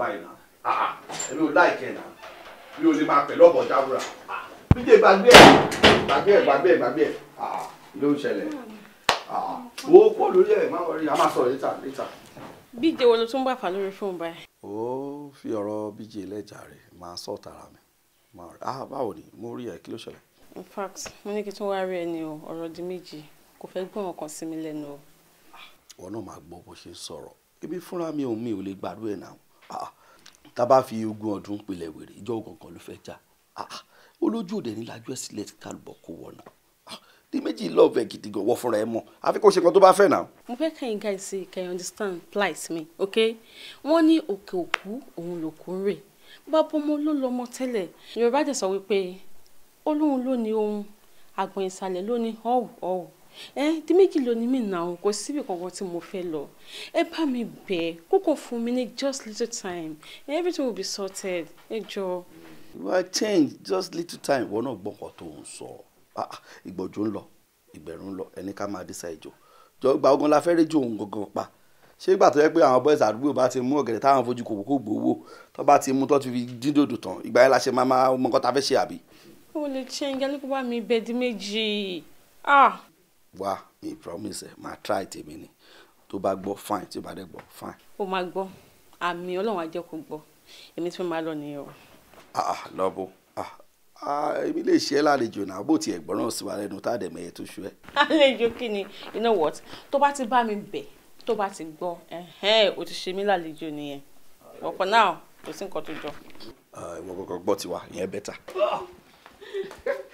báyìí náà àà ah, ah, èmi ò láìkẹ́ náà mi ò lè máa pẹ̀lú ọ̀bọ̀ jábúra ah, bíjẹ́ gbàgbé ẹ̀ gbàgbé ẹ̀ gbàgbé ẹ̀ gbàgbé ẹ̀ àà ló ń ṣẹlẹ̀ àà wo kó lórí ẹ̀ máa wọrí a máa sọ̀rọ̀ létà létà. bíjẹ́ wo ló tún bá fà lórí fóun báyìí. ó fi ọ̀rọ̀ bíjẹ́ lẹ́jà rẹ̀ máa sọ tara mi ah báwo ni mo rí ẹ̀ kí ló ṣẹlẹ̀. in fact mo ní kí tún wá rí ẹ ní o ọ̀rọ̀ di méjì kò fẹ́ gbọ́n ọkàn sí mi lẹ́nu o. wọn náà máa gbọ́ bó ṣe sọ̀rọ̀ ebi fúnra mi ò mi ò lè gbàdúrà náà Ah, tá fi ogún ọdún pilẹ̀ wèrè ìjọ kankan ló fẹ́ jà olójú ah, òde ní lajú ẹ̀ sílẹ̀ kálùbọ̀ kó wọ̀ di ah, méjì lọ́ọ̀fẹ̀ gidi gan wọ́ fúnra ẹ mọ̀ àfi kó ṣe kan tó bá fẹ́ náà. mo fẹ́ kẹ́yìn guys say can you understand plight me okay wọ́n ní òkè òkú òun lòkú ń rè bàbá ọmọ ló lọmọ tẹ́lẹ̀ yorùbá dẹ̀ sọ wípé olóhùn ló ní ohun àgbọ̀n ìsàlẹ̀ ló ní ọ̀wù ẹ tí méjì ló ní mí náà kò síbi kankan tí mo fẹ́ lọ ẹ bá mi bẹ̀ kókò fún mi ní just little time everything will be sorted ẹ jọ. you are changed. just little time wọn náà gbọ́ ọkọ̀ tó ń sọ ah, ìgbọ̀jú ń lọ ìgbẹ̀rún ń lọ ẹni ká máa dísà ìjọ jọ gba ogun la fẹ́ rédíò òun gangan pa ṣé ìgbà tó yẹ pé àwọn boys àdúgbò bá ti mú ọ̀gẹ̀dẹ̀ táwọn fojú kò kó gbowó tó bá ti mú tó ti fi dídòdò tán ìgbà yẹn la ṣe máa máa mọ nǹkan tá fẹ́ ṣe àbí. o lè ṣe ẹ̀yìn gẹ́lẹ́ bá mi bẹ̀ di méjì ah wá mi promise ẹ máa try tèmi ni tó bá gbọ́ fine tí o bá dẹ̀ gbọ́ fine. o máa gbọ́ àmì ọlọ́run ajẹ́ kò gbọ́ èmi tí mo máa lọ nìyẹn o. ah, ah lọ́bù ah, ah èmi lè ṣe é lálejò náà bó tiẹ̀ gbọ́n náà sí wa lẹ́nu tá a dẹ̀ mẹ́yẹ tó ṣú ẹ. àlejò kí ni you know what tó bá ti bá mi bẹ̀ tó bá ti gbọ́ o ti ṣe mí lálejò nìyẹn ọ̀pọ̀ náà kò sí nǹkan tó jọ. Ah, ìwọ kọ́kọ́ gbọ́ tiwa ìyẹn bẹ́tà.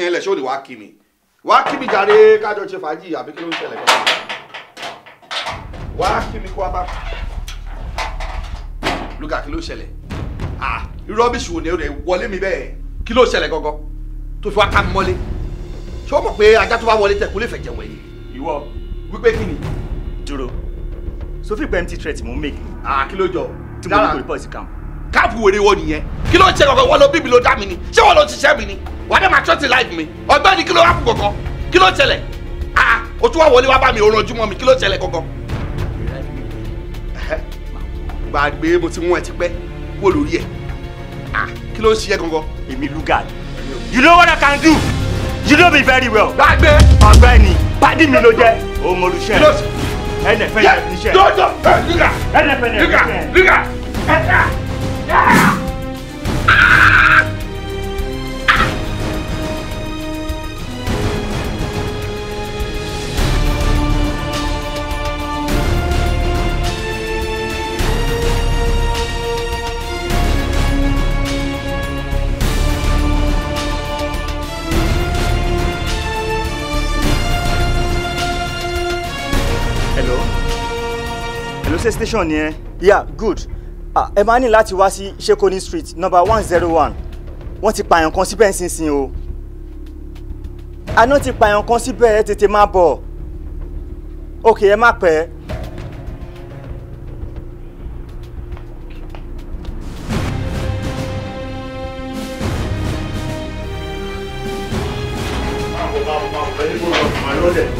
yẹn lẹ̀ ṣé ò lè kí mi wá kí mi jàre kájọ ṣe fàájì àbí kí ló ń ṣẹlẹ̀ kọ́ wá kí mi kó wá bá lùkà kí ló ṣẹlẹ̀ ah rọ́bìṣì wo ni rẹ̀ wọlé mi bẹ́ẹ̀ kí ló ṣẹlẹ̀ gangan tó fi wá ká mi mọ́lé ṣé o mọ̀ pé ajá tó bá wọlé tẹ̀ kó lè fẹ̀jẹ̀ wẹ̀ yìí. ìwọ wípé kí ni. dúró sophie gba empty threat mo make. ah kí ló jọ tí mo ní kò report sí camp. káàpù wèrè wọ nìyẹn kí ló ń ṣe gangan wọ́n lọ bíbí ló dá mi ni ṣé wọ́n lọ ṣiṣẹ́ mi ni wàá dẹ̀ máa ṣọ́ọ̀tì láìpẹ́ mi ọ̀gbẹ́ni kí ló wá kú kankan kí ló ṣẹlẹ̀ ah o tún wá wọlé wá bá mi òun ọjọ́ mọ́ mi kí ló ṣẹlẹ̀ kankan. gbàgbé mo ti mú ẹ ti pẹ́ kú olórí ẹ̀ ah kí ló ń ṣiyẹ́ kankan. èmi lugard you know what I can do you know me very well. gbàgbé ọ̀gbẹ́ni pàdí mi ló jẹ́ òun olùṣẹ́ ẹnẹfẹ ní iṣẹ́ ẹnẹfẹ ní iṣẹ́ ẹnẹfẹ ní iṣẹ́. ṣe station yẹn. yeah good ẹ máa ní láti wá sí Shekoni street number one zero one wọ́n ti pààyàn kan síbẹ̀ nísinsìnyí o àná ti pààyàn kan síbẹ̀ ẹ tètè máa bọ̀ ok ẹ má pẹ́. Thank you.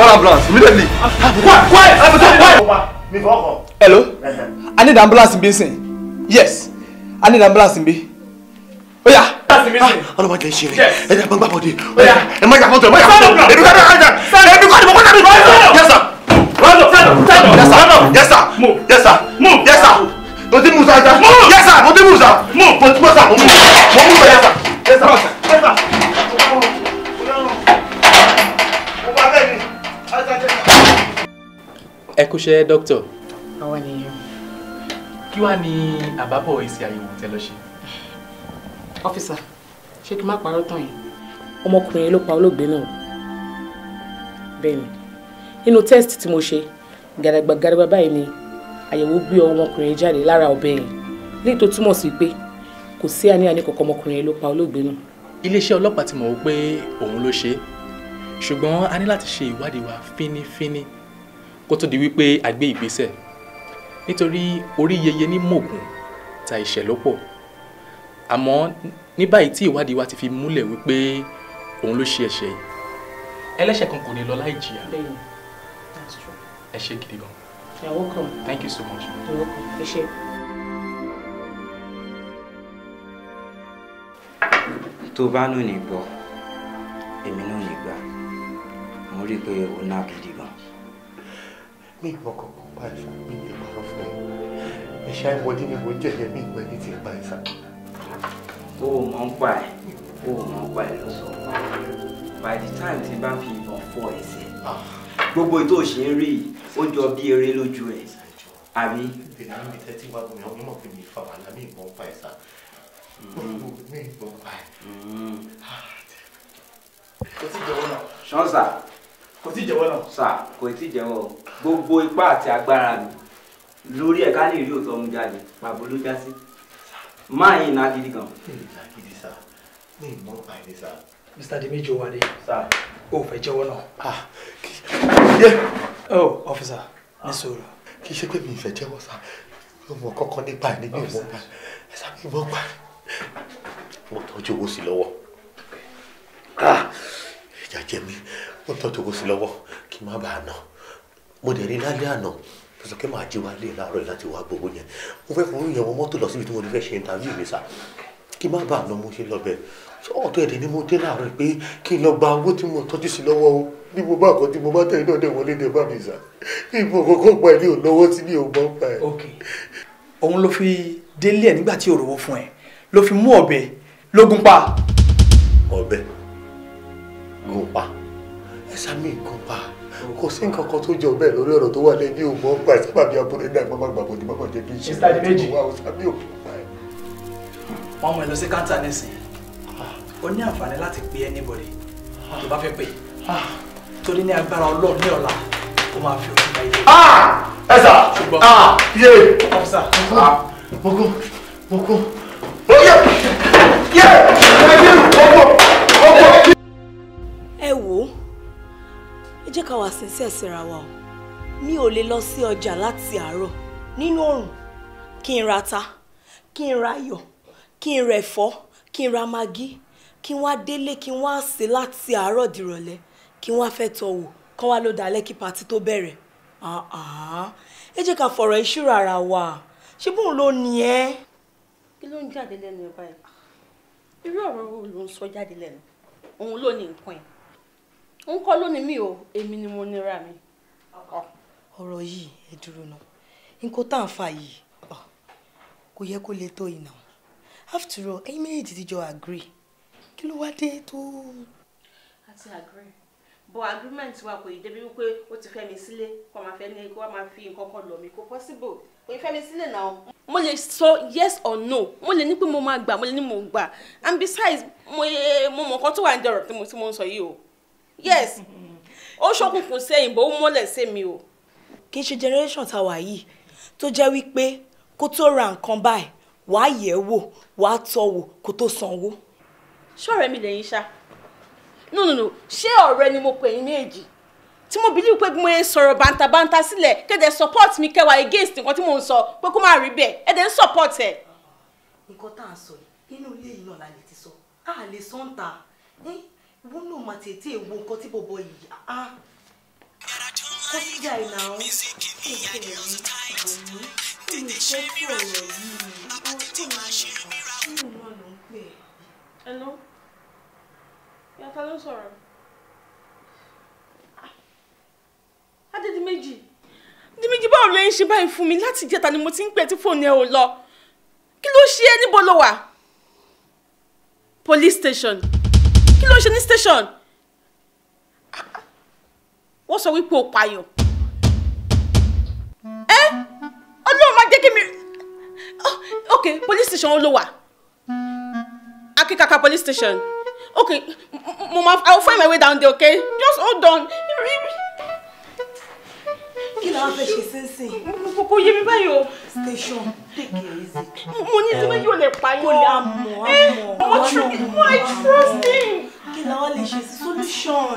Call ambulance immediately. Why? Why? Why? Hello? I need ambulance in Benson. Yes. I need ambulance in B. Oh yeah. Ọlọ́mọ jẹ́ ìṣeré. Ẹ jẹ́ gbọ́ngbà bọ̀dé. Ẹ má jàpọ̀ tó ẹ má jàpọ̀ tó. Èmi kọ́ ni ọ̀gá jà. Èmi kọ́ ni mo kọ́ ni Yes sir. Yes sir. Yes sir. Yes sir. Yes sir. Mo ti mú sa. Yes sir. Mo ti mú sa. Mo ti mú sa. Mo mú sa. Yes sir. Yes sir. ẹ kú ṣe dókítà. àwọn ènìyàn. kí wàá ní àbábọ̀ èsì àyẹ̀wò tẹ́ lọ ṣe. ọ́fíìsà ṣé kí n má parọ́ tán yẹn. ọmọkùnrin yẹn ló pa olóògbé náà bẹ́ẹ̀ ni nínú test tí mo ṣe gàdàgbà gàdàgbà báyìí ni àyẹ̀wò gbé ọmọkùnrin jáde lára ọ̀bẹ yẹn léyìí tó túmọ̀ sí pé kò sí àníàní kankan ọmọkùnrin yẹn ló pa olóògbé náà. iléeṣẹ́ ọlọ́pàá ti mọ̀ wọ́n pé òun ló ṣe é ṣùgbọ́n a ní láti ṣe ìwádìí wa fínífíní kó tó di wípé a gbé ìgbésẹ̀ nítorí orí yeye ní mògùn ta ìṣẹ́ lọ́pọ̀ àmọ́ ní báyìí tí ìwádìí wa ti fi múlẹ̀ wípé òun ló ṣe ẹ̀ṣẹ̀ yìí ẹlẹ́ṣẹ̀ kan kò ní lọ láì jìyà ẹ ṣé gidi gan. You're welcome. Thank you so much. You're welcome. ẹ ṣé. tó bá nù ní gbọ́ èmi náà ní gbà mo rí i pé òun náà gidi mi ìmọ̀ kankan pa ẹ̀sà mi lè parọ́ fún ni mo jẹ̀yẹ mi ìmọ̀ ẹni tí ì pa ẹ̀sà. o ò mọ̀ by the time tí bá fi ìbọn fọ ẹsẹ̀ ah. gbogbo ètò òṣè ń rí ó jọ bí eré lójú ẹ̀ àbí. ìpènà mi tẹ́tí wá gbọ́n mi ọ̀gbìn mọ̀ pé mi fa wàhálà mi ìbọn pa ẹ̀sà mm-hmm kò tí jẹ́wọ́ náà. sà kò tí jẹ́wọ́ o gbogbo ipá àti agbára mi lórí ẹ̀ ká lè rí òótọ́ mu jáde pàbó ló já sí máa yín iná gidi gan. iná gidi sà ní ìmọ̀ ọ̀pá ẹni sà. Mr. Dimeji Owade o fẹ́ jẹ́wọ́ náà. oh ah, officer ní sòrò. kì í ṣe pé mi ìfẹ́ jẹ́wọ́ sà yóò mọ kọ́kọ́ nípa ẹ̀ níbi ìmọ̀ ọ̀pá ẹ̀ sábà ìmọ̀ ọ̀pá mo tọ́jú owó sí lọ́wọ́. Ah, ìyà jẹ mí wọ́n tọ́ tó kó sí lọ́wọ́ kí n má bàa nà mo dẹ̀ rí lálẹ́ àná sọ pé màá jí wá lé láàárọ̀ láti wá gbowó yẹn mo fẹ́ fún ìyàwó mọ́tò lọ síbi tí mo fẹ́ ṣe interview mi sá kí n má bàa nà mo ṣe lọ bẹ̀ ọ̀tọ̀ ẹ̀dẹ̀ ni mo dé láàárọ̀ pé kí n lọ gba owó tí mo tọ́jú sí lọ́wọ́ o bí mo bá kọ́ tí mo bá tẹ̀ náà dẹ̀ wọlé dé bá mi sá ibo kókó pa ẹni ní gòpà ẹ̀sà mi gòpà kò sí nǹkan kan tó jọ bẹ́ẹ̀ lórí ọ̀rọ̀ tó wà lẹ́bí òun mọ́ pa ẹ̀sà bàbí abúlé náà ìmọ̀ máa gbàgbọ́ ní mọ́mọ́ jẹ́ bí ṣe ìrìn àjò wa ọ̀sà mi ò pa ẹ̀. wọ́n mú ẹ lọ sí káńtà nísìnyí ah. o ní àǹfààní láti pe anybody ah. tó bá fẹ́ pè ah. torí ní agbára ọlọ́run ní ọ̀la ó máa fi òkú bá ilé. ẹ̀sà ṣùgbọ́n yé ọ̀sà mọ̀kú mọ̀kú mọ̀kú yé yé ọ̀gbọ̀n ọ̀gbọ̀n ẹ wò ó ẹ jẹ́ ká wà sincere síra wa o mi ò lè lọ sí ọjà láti àárọ̀ nínú òrùn kí n ra ata kí n ra ayọ̀ kí n rẹ̀fọ́ kí n ra magí kí n wá délé kí n wá sè láti àárọ̀ dìrọ̀lẹ́ kí n wá fẹ́ tọ̀ wò kán wá ló dalẹ́ kí patí tó bẹ̀rẹ̀ ẹ jẹ́ ká fọ̀rọ̀ ìṣúra ara wa ṣé bóun ló ní ẹ́. kí ló ń jáde lẹ́nu ẹ báyìí irú ọ̀rọ̀ wo ló ń sọ jáde lẹ́nu òun ló ní nǹkan ẹ̀ ń kọ́ lónìí mi o èmi ni mo nira mi. ọ̀rọ̀ yìí ẹ dúró ná nǹkan tá à ń fa yìí kò yẹ kó lè tó ìnà after all ẹ̀yin méjèèjì ti jọ agree kí ló wá dé tó. a ti agree but agreement wa kò yìí débi wípé ó ti fẹ́ mi sílé kó máa fẹ́ ní kó máa fi nǹkan kan lọ mi kò possible kò yìí fẹ́ mi sílé náà. mo lè sọ yes or no mo lè ní pé mo máa gbà mo lè ní mo gbà and besides mo mọ nǹkan tó wà ní ọ̀rọ̀ tí mo sọ yìí o yes mm-hmm. ó ṣókùnkùn sẹ́yìn bó mọ́lẹ̀ sí mi o. kì í ṣe generation tá a wà yìí tó jẹ́ wípé kó tó ra nǹkan báyìí wàá yẹ̀ wò wàá tọ́ wò kó tó sanwó. ṣọ́ọ̀rẹ́ mi lẹ́yìn ṣá no no no ṣé ọ̀rẹ́ ni mo pè yín méjì tí mo believe pé bí mo ń sọ̀rọ̀ bàǹtàbàǹtà sílẹ̀ kẹ́dẹ̀ support mi kẹwàá against nǹkan tí mo ń sọ pé kó má rí bẹ́ẹ̀ ẹ̀dẹ̀ ń support ẹ̀. nǹkan tá à ń sọ yìí inú ilé yìí náà la lè ti sọ a lè sọ ń ta wọn náà mà tètè wo nǹkan tí bọ̀bọ̀ yìí á kó síjà ìnà ó kí n kí n rí òní kí n jẹ́ kí ọ̀rọ̀ yìí ó tó ń lọ kí n náà ló ń pè. ẹnu yàtọ̀ ló sọ̀rọ̀ ah, adédi méjì adédi méjì báwo ló ń ṣe báyìí fún mi láti jẹta ni mo ti ń pè tí fóònù ẹ ò lọ kí ló ṣe é níbo ló wà police station ló ṣe ní station wọ́n sọ wípé o payàn ẹ ọlọ́run máa jẹ́ kí mi oh, ok police station ló wà akíkaka police station ok mo ma i will find my way down there okay just hold on kí làwọn fẹ́ ṣe sínsìn. kò yé mi báyìí o. station take it easy. mo ní tí wọ́n yóò lè pa yóò lè amọ̀ amọ̀. Eh, mo mo i trust him. kí làwọn lè ṣe solution.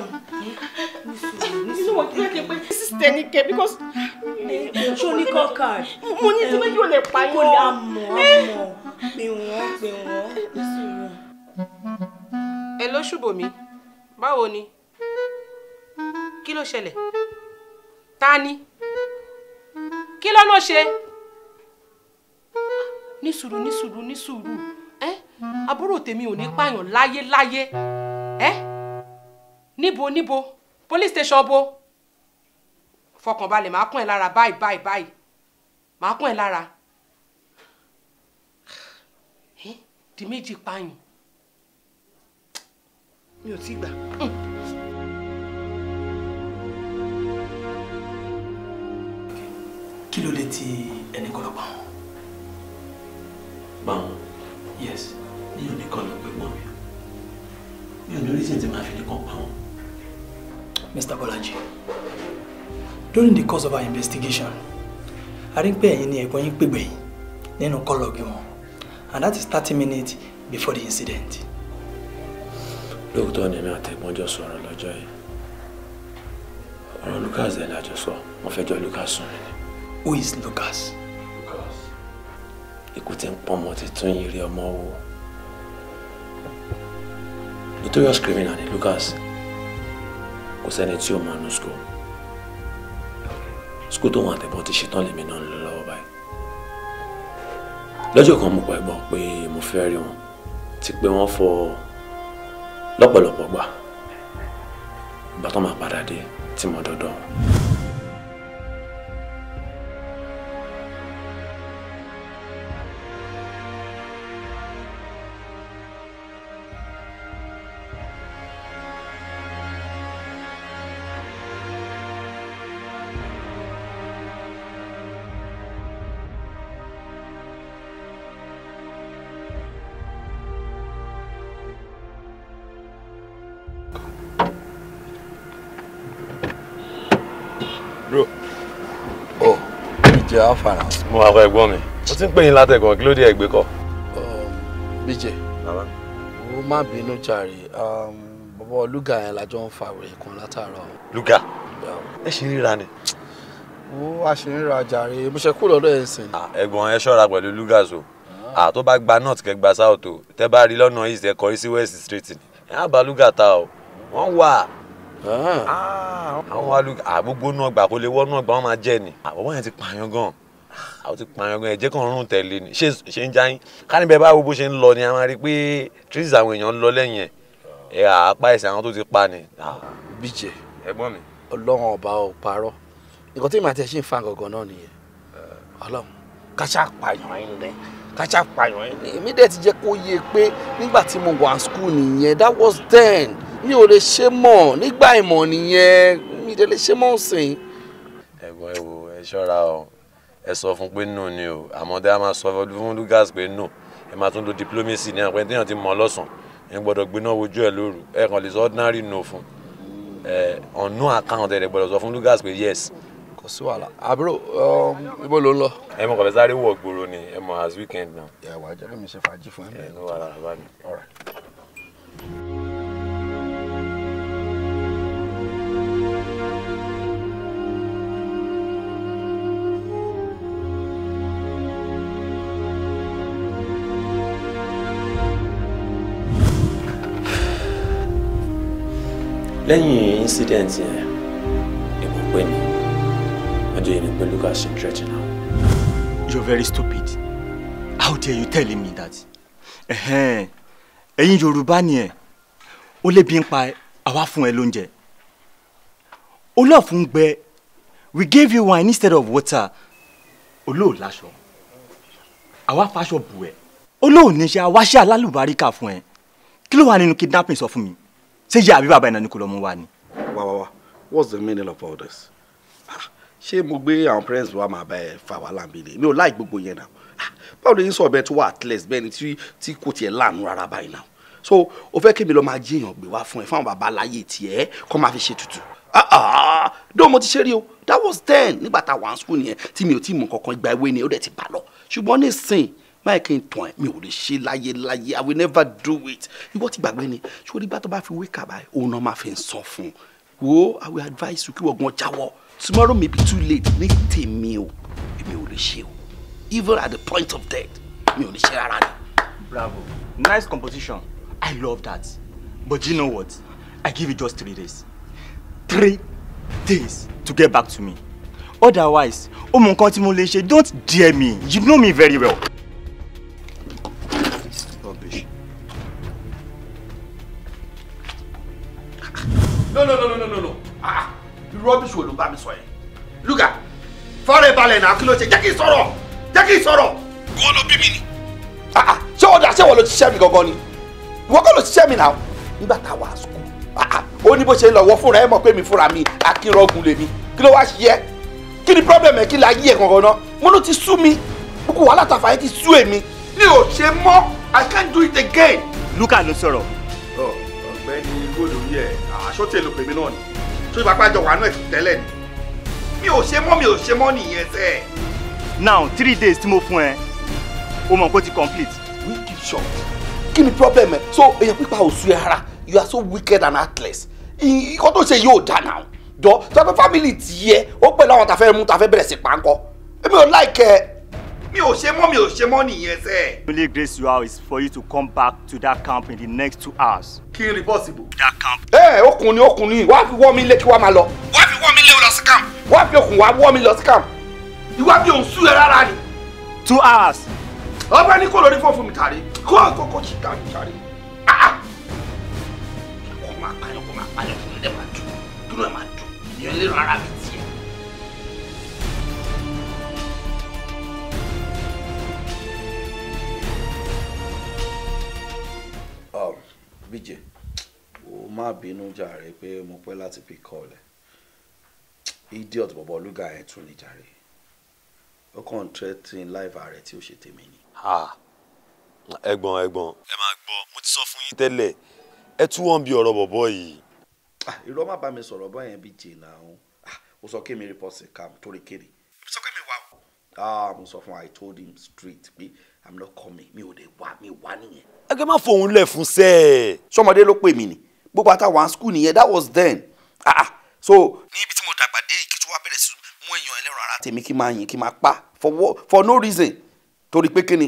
nínú wọn kí wọ́n lè ní kẹ́ because. ṣé o ní call card. mo ní tí wọ́n yóò lè pa yóò lè amọ̀ amọ̀. Eh. pè wọ́n pè wọ́n. ẹ ló ṣùbọ̀ báwo ni kí ló ṣẹlẹ̀ ta ni kí ló ló ṣe ní sùúrù ní sùúrù ní sùúrù ẹ àbúrò tèmi ò ní pààyàn láyé láyé ẹ níbo níbo police station bo fọkànbalẹ̀ máa kún ẹ lára báyìí báyìí báyìí máa kún ẹ lára di méjì pààyàn mi ò tí gbà. Mm. ló lè ti ẹnì kan lọ pa wọn. pa yes mi ò ní kàn lọ pé pọ̀ mi mi ò ní reason tí màá fi ní kàn pa wọn. Mr. Bolaji during the course of our investigation a rí pé ẹ̀yin ni ẹ̀gbọ́n yín pègbè yín nínú kọ́lọ̀gì wọn and that is thirty minutes before the incident. lóòótọ́ ni mi àtẹ̀gbọ́n jọ sọ̀rọ̀ lọ́jọ́ yìí ọ̀rọ̀ Lucas dẹ̀ la jọ sọ wọ́n fẹ́ jọ Lucas sùn mí ni. Who is Lucas? Lucas. Ikú ti ń pọ́n ọmọ títún yìí rí ọmọ wò. Notorious criminal ni Lucas. Kò sẹ́ni tí ó mọ̀ ọ́nú school. School tó wọn àtẹ̀bọ́ ti ṣetán lèmi náà ń lọ lọ́wọ́ báyìí. Lọ́jọ́ kan mo pẹ̀gbọ́n pé mo fẹ́ rí wọn ti pé wọ́n fọ lọ́pọ̀lọpọ̀ gbà. Ìgbà tó máa padà dé tí mo dọ́dọ̀ wọn. how mo wà fún ẹ̀gbọ́n mi ó ti ń pè yín látẹ̀gàn kí ló dé ẹ̀gbẹ́ kọ. Um, bíjẹ o má bínú jàre um, bọ́bọ́ lúgà yẹn lájọ ń fa wèrè kan látàárọ̀. lúgà ẹ ṣe ríra ni. ó a ṣe ríra jàre mo ṣe kú lọ́dọ̀ ẹ̀ sìn. ẹ̀gbọ́n ẹ ṣọ́ra pẹ̀lú lúgà so ah. à tó bá gba north kẹ́ gba south o tẹ́ bá rí lọ́nà east ẹ kọrí sí west street ẹ á bá lúgà ta o wọ́n wà. Ah. Ah. àwọn wa lu àgbógbó náà gbà kó lè wọ́ náà gbà wọ́n máa jẹ́ ni àbọ̀bọ̀ yẹn ti pààyàn gan àwọn ti pààyàn gan ẹ̀jẹ̀ kan rún tẹ̀lé ni ṣé ṣe ń jáyín ká níbẹ̀ báwo bó ṣe ń lọ ni a máa rí i pé trees àwọn èèyàn ń lọ lẹ́yìn ẹ̀ àpá ẹ̀sìn àwọn tó ti pa ni. bíjẹ ẹ̀gbọ́n mi ọlọ́run ọba ò parọ́ nǹkan tí màá tẹ ṣe ń fa gangan náà nìyẹn ọlọ́run káṣá pààyàn ẹ̀ ń lẹ káṣá pààyàn ẹ̀ ń lẹ èmi dẹ̀ ti jẹ́ kó yé e pé nígbà tí mo wà school nìyẹn that was then mi ò lè ṣe mọ̀ nígbà ìmọ̀ nìyẹn mi ò lè ṣe mọ̀ sìn. ẹ̀gbọ́n ẹ wo ẹ ṣọ́ra o ẹ sọ fún pé nù ni o àmọ́ dẹ́ a máa sọ fún Lucas pé nù ẹ máa tún lo diplomacy ní àpẹẹrẹ téèyàn ti mọ̀ lọ́sàn ẹ gbọ́dọ̀ gbiná wojú ẹ lóru ẹ kàn lè sọ ordinary no fún ẹ ọ̀nà account ẹ gbọ́dọ̀ sọ fún Lucas pé yes. kò sí wàhálà àbúrò um, ibo ló ń lọ. ẹ mọ kọfẹ sáré wọ gbòòrò ni ẹ mọ as weekend náà. ẹ wà á jẹ́ kí mi ṣe fàájì fún ẹ. ẹ ní wàhálà bá mi. lẹ́yìn incident yẹn èmi pè ní ọjọ́ yẹn ni pé Lucas ń threaten now. You are very stupid how dare you tell me that ẹ̀yin yorùbá ni ẹ̀ ó lè bí ń pa àwa fún ẹ lóúnjẹ olóòfún gbẹ we gave you wine instead of water olóò láṣọ àwa faṣọ bù ẹ olóò níṣẹ́ àwa ṣe alálùbáríkà fún ẹ kí ló wà nínú kidnapping sọ fún mi ṣé ìyá àbí bàbá ẹ̀ náà ni kò wa ni. wá wá wá what's the meaning of all this? Ah, ṣé mo gbé àwọn parents wa máa bá ẹ fà wá láǹbì ni mi ò láì gbogbo yẹn náà ah, báwo lè yín sọ ọbẹ̀ tó wà at least bẹ́ẹ̀ ni tí kò tiẹ̀ láàánú rárá báyìí náà so o fẹ́ kí mi lọ máa jí èèyàn gbé wá fún ẹ fáwọn bàbá aláyé tiẹ̀ kó máa fi ṣe tutù ah, dóò mo ti ṣe rí o that was ten nígbà tá a wà ní school nìyẹn tí mi ò tí ì mọ kankan ìgbà ewé ni ó dẹ̀ ti bà lọ ṣùgbọ́n nísìnyí máyì kí n tàn ẹ́ mi ò lè ṣe láyé láyé i will never do it ìwọ ti gbàgbé ni sórí bá tó bá fi wé kàbá òun náà máa fi ń sọ fún un wo i will advise you kí wọ́n gan jáwọ́ tomorrow may be too late ní tèmi o èmi ò lè ṣe o even at the point of death mi ò lè ṣe rárá ni. bravo nice composition i love that but you know what i give you just three days three days to get back to me otherwise o mọ tí mo lè ṣe don't dare me you know me very well. balẹ̀ náà kí ló ṣe jẹ́ kí n sọ̀rọ̀ jẹ́ kí n sọ̀rọ̀. wọ́n ló bí mi ni. Ah, ah, ṣé ọ̀dà ṣé wọ́n ló ṣiṣẹ́ mi gangan ni ìwọ kọ́ ló ṣiṣẹ́ mi náà nígbà tá a wà sùkú ah, ó ní bó ṣe ń lọ wọ fúnra ẹ mọ̀ pé mi fúnra mi akínrọ́gùn lèmi kí ló wá ṣiyẹ kí ni problem ẹ kí la yí ẹ gangan náà mo ló ti sú mi gbogbo wàhálà tàfà yẹn ti sú èmi mi ò ṣe mọ́ I can't do it again. Luka ló sọ̀rọ̀. ọ̀gbẹ́ni góòlù yẹ àṣọ tèlò pèmí náà ni mi ò ṣe mọ́ mi ò ṣe mọ́ nìyẹn sẹ́. now three days tí mo fún ẹ o mọ̀ pé ó ti complete. wicked shot kí ni problem ẹ so èèyàn pípa ò ẹ rárá you are so wicked and heartless ìkọ́ tó ṣe yóò dà náà jọ tọ́pẹ́ family tiẹ̀ ó pẹ̀lú àwọn tàfẹ́ mú tàfẹ́ bẹ̀rẹ̀ sí pánkọ́ èmi ò like ẹ mi ò ṣe mọ́ mi ò ṣe mọ́ nìyẹn sẹ́. the only grace you have is for you to come back to that camp in the next two hours. kí n possible? that camp. ẹ eh, ẹ okùn ni okùn ni wàá fi wọ́ mi lé kí wàá máa lọ. wàá fi wọ́ mi lé lọ sí camp. wàá fi okùn wàá wọ́ mi lọ sí camp. ìwà bí òun sú ẹ rárá ni. two hours. ọba ní kó lórí fún fún mi tàrí kó àgọ́ kó ṣì tàrí tàrí. Ah, ah. kó máa pààyàn kó máa pààyàn kó lè máa dùn dúró ẹ máa dùn ìyẹn lérò ara mi t Um, bíjè o má bínú jàre pé mo pẹ́ láti fi kọ́ ọ lẹ̀ idiot bọ̀bọ̀ olúga ẹ̀ tún ní jàre ó kàn threatening life ààrẹ tí ó ṣe tèmi ni. ẹ̀gbọ́n ẹ̀gbọ́n ẹ máa gbọ́ mo ti sọ fún yín tẹ́lẹ̀ ẹ tún wọ́n bí ọ̀rọ̀ bọ̀bọ̀ yìí. Ah, irọ́ má bá mi sọ̀rọ̀ bọ́ yẹn bí jìnnà òun ó sọ kí mi report sí cam torí kéde. ó sọ pé mi wà o. Ah, mo sọ fún i told him straight pé i'm not coming mi ò lè wá mi wá nìyẹn ẹgbẹ́ má fòun lẹ̀ fún sẹ́. sọmọdé ló pè mí ni gbogbo àtàwọn school nìyẹn that was then ah, ah so. ní ibi tí mo dàgbà dé kí tó wá bẹ̀rẹ̀ sí mú èèyàn ẹlẹ́ran ara tèmi kí máa yìn kí máa pa for for no reason torí pé kí ni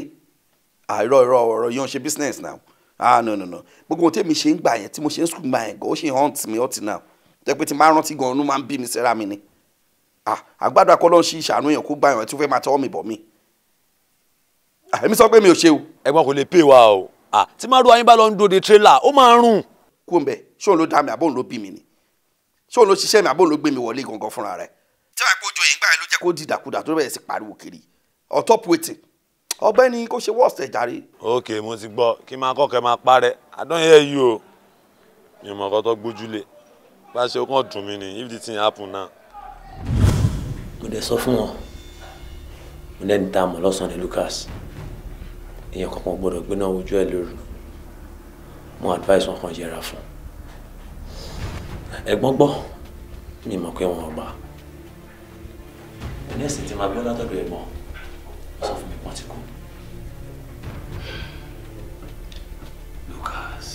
àìrọ̀ ah, ìrọ̀ ọ̀rọ̀ yóò ṣe business now ah no no no gbogbo tèmi ṣe ń gbà yẹn tí mo ṣe ń school gbà yẹn gan ó ṣe hunt mi ọtí náà jẹ́ pé tí máa rántí gan ọdún máa ń bí mi sẹ́ra mi ni ah àgbàdo akọ́lọ́ ṣí ìṣàánú yẹn kó gbà yẹn tí ó fẹ́ máa tọ́ mi bọ̀ mi ah, èmi sọ pé mi ò ṣe o. ẹ̀gbọ́n kò lè pè wá o Ah, tí márùn ayínbá lọ ń dòde tirẹ́là ó máa ń rùn. kú mbẹ ṣé òun ló dá mi àbóun ló bí mi ni ṣé òun ló ṣiṣẹ́ mi àbóun ló gbé mi wọlé gangan fúnra rẹ̀. tí wàá kó joyè ńgbà yẹn ló jẹ́ kó dìdàkudà tó bẹ̀rẹ̀ sí pariwo kiri on top waiting ọ̀gbẹ́ni kó ṣe wọ́ọ̀sì ẹ̀járe. ok mo ti gbọ́ kí n máa kọ́kẹ́ máa parẹ́ I don hear you o mi mọ̀ ọkọ tó gbójúlé bá ṣe ó kàn dùn mí ni if the thing happen now. mo dẹ̀ sọ fún wọn mo dẹ́ni tá a mọ̀ lọ́sàn-án ní Lucas èèyàn kankan gbọ́dọ̀ gbé náà ojú ẹ̀ lóru mo advice wọn kan yẹra fún ẹ̀gbọ́n gbọ́ mi mọ̀ pé wọn ọba ẹni ẹ̀sìn tí máa bí ọlátọ̀dọ̀ ẹ̀gbọ́n sọ fún mi pọ́n ti kú Lucas.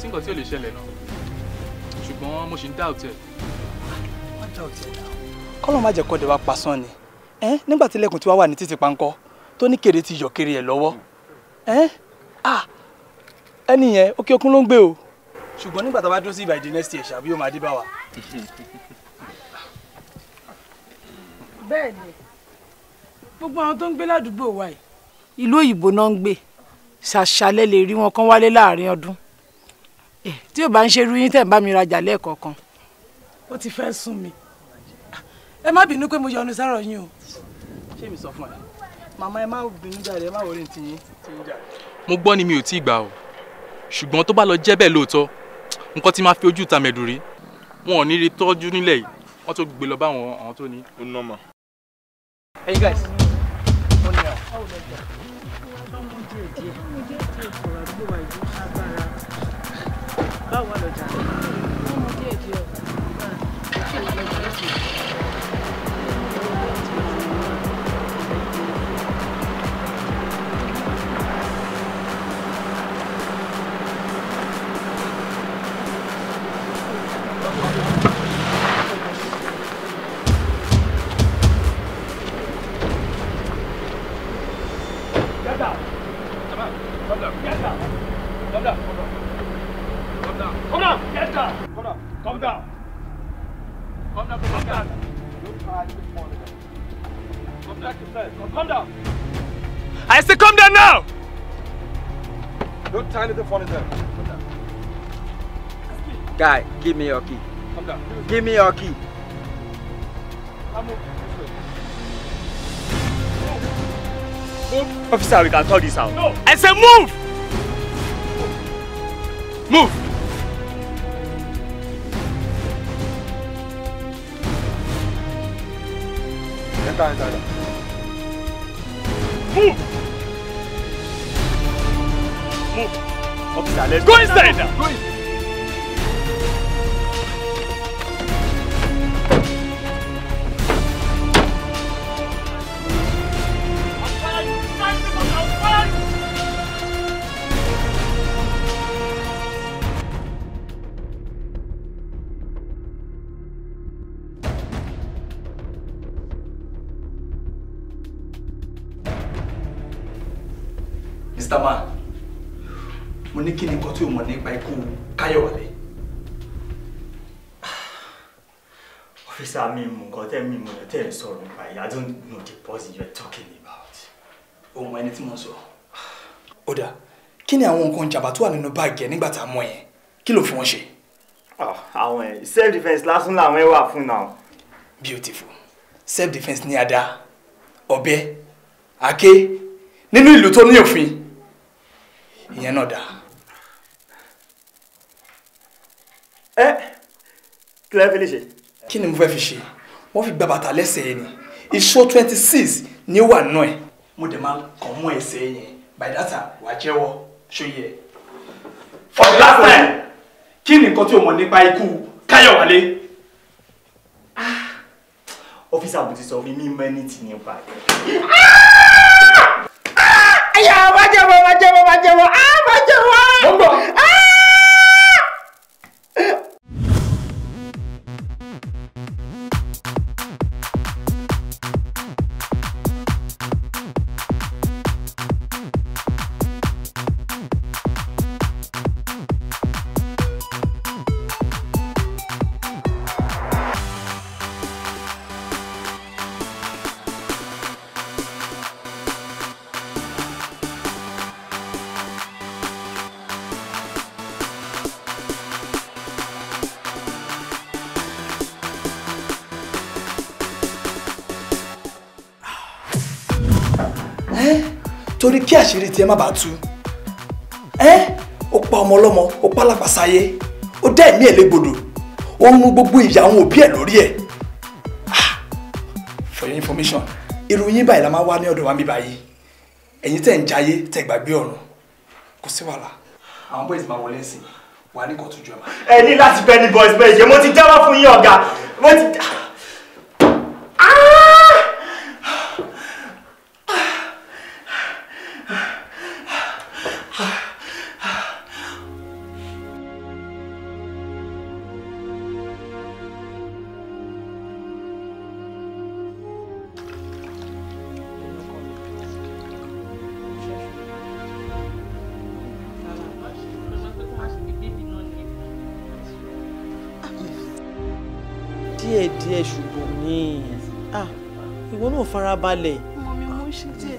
sí nǹkan tí ò lè ṣẹlẹ̀ náà ṣùgbọ́n mo ṣì ń doubt ẹ̀. wọ́n doubt ẹ̀ náà. kọ́lọ́ má jẹ́ kọ́ de wa pasán ni ẹ́ nígbà tí ilẹ̀kùn tí wàá wà ní títì pankọ́ tó ní kéré ti yọ̀ kiri ẹ̀ lọ́wọ́ ẹ́ ah ẹni yẹn òkè òkun ló ń gbé o ṣùgbọ́n nígbà tá a bá dúró sí ìbàdí di next year ṣàbí yóò máa dé bá wa. bẹ́ẹ̀ni gbogbo àwọn tó ń gbé ládùúgbò wa yìí ìlú òyìnbó náà ń gbé ṣàṣàlẹ̀ lè rí wọn kán wálé láàrin ọdún tí ò bá ń ṣe irú yín tẹ̀ ń bá mi rajà lẹ́ẹ̀kọ̀ọ̀kan ó ti fẹ́ sún mi ẹ má bínú pé mo yọnu sọ̀rọ̀ yín o. ṣé mi sọ fún ẹ màmá ẹ má bínú jàre ẹ má wọlé ti yín. mo gbọ́ ni mi ò tí ì gbà o ṣùgbọ́n tó bá lọ jẹ́ bẹ́ẹ̀ lóòótọ́ nǹkan tí máa fi ojú ta mẹ̀dùn rí wọn ò ní rí tọ́jú nílẹ̀ yìí wọ́n tó gbé lọ báwọn àwọn tó ní. ó nà mọ́. ẹ yí guys ó ní ọ. がワロちゃん Give me your key. Come down. Give me your key. Come Move. Officer, we can call this out. No. I said move! ẹni tí mo ń sọ. ó dáa kí ni àwọn nǹkan ìjàmbá tó wà nínú báàgì ẹ nígbà tá a mọ yẹn kí ló fi wọn ṣe. Ah, àwọn ẹ self defence lásán làwọn ẹ wà fún náà. beautiful self defence ní ada ọ̀bẹ àáké nínú ìlú tó ní òfin ìyẹn náà dáa. ẹ kí lẹ́ẹ̀ fi lè ṣe. kí ni mo fẹ́ fi ṣe wọ́n fi gba bàtà lẹ́sẹ̀ yẹn ni ìṣó twenty six ni ó wà nù ẹ̀ mo dẹ̀ máa kàn mú ẹsẹ̀ yẹn by that time wàá jẹ́wọ́ ṣóyè. for the last time kí ni nǹkan tí o mọ̀ nípa ikú Káyọ̀wálé. ọ́fíìsà ah, mo ti sọ fún mi mẹ́ni tì ní pa. ayà ah! ah! máa jẹ́wọ́ máa jẹ́wọ́ máa jẹ́wọ́ máa jẹ́wọ́. kí àṣírí tiẹ̀ má bàa tú ẹ́ O pa ọmọ ọlọ́mọ ó pa alábàásáyé ó dá ẹ̀mí ẹ̀ légbodò o mú gbogbo ìyà àwọn òbí ẹ̀ lórí ẹ̀ ah, for your information ìròyìn báyìí la máa wá ní ọ̀dọ̀ wa mi báyìí ẹ̀yin tẹ̀ ń jayé tẹ̀ gbàgbé ọ̀run kò sí wàhálà àwọn boys máa wọlé sí wà ní kò tó jọ ẹ ní láti bẹ́ẹ̀ ni boys bẹ́ẹ̀ yẹ mo ti jáwọ́ fún yín ọ̀gá mo ti. farabalẹ̀. ọmọ mi mú ṣe pẹ̀lẹ́.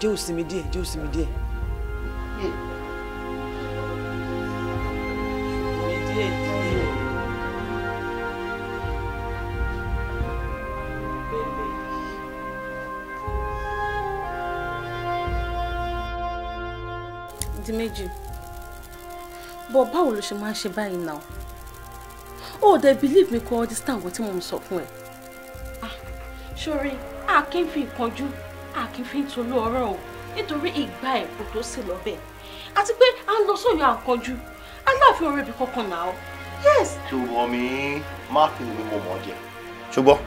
jẹ́ òsinmi díẹ̀ jẹ́ òsinmi díẹ̀. díẹ̀ díẹ̀. di méjì bọ́ báwo ló ṣe máa ń ṣe báyìí náà ó dẹ̀ believe mi kò understand nǹkan tí mo sọ fún ẹ. Ah, sori a kì í fi ìkanjú a kì í fi tolú ọ̀rọ̀ o nítorí ìgbà ẹ̀kọ́ tó sì lọ́bẹ̀ àti pé a ń lọ sọ́yọ̀ àkànjú aláàfin orí ibi kankan náà yes. tó rọ mi má fi omi mo mọ̀ jẹ. ṣùgbọ́n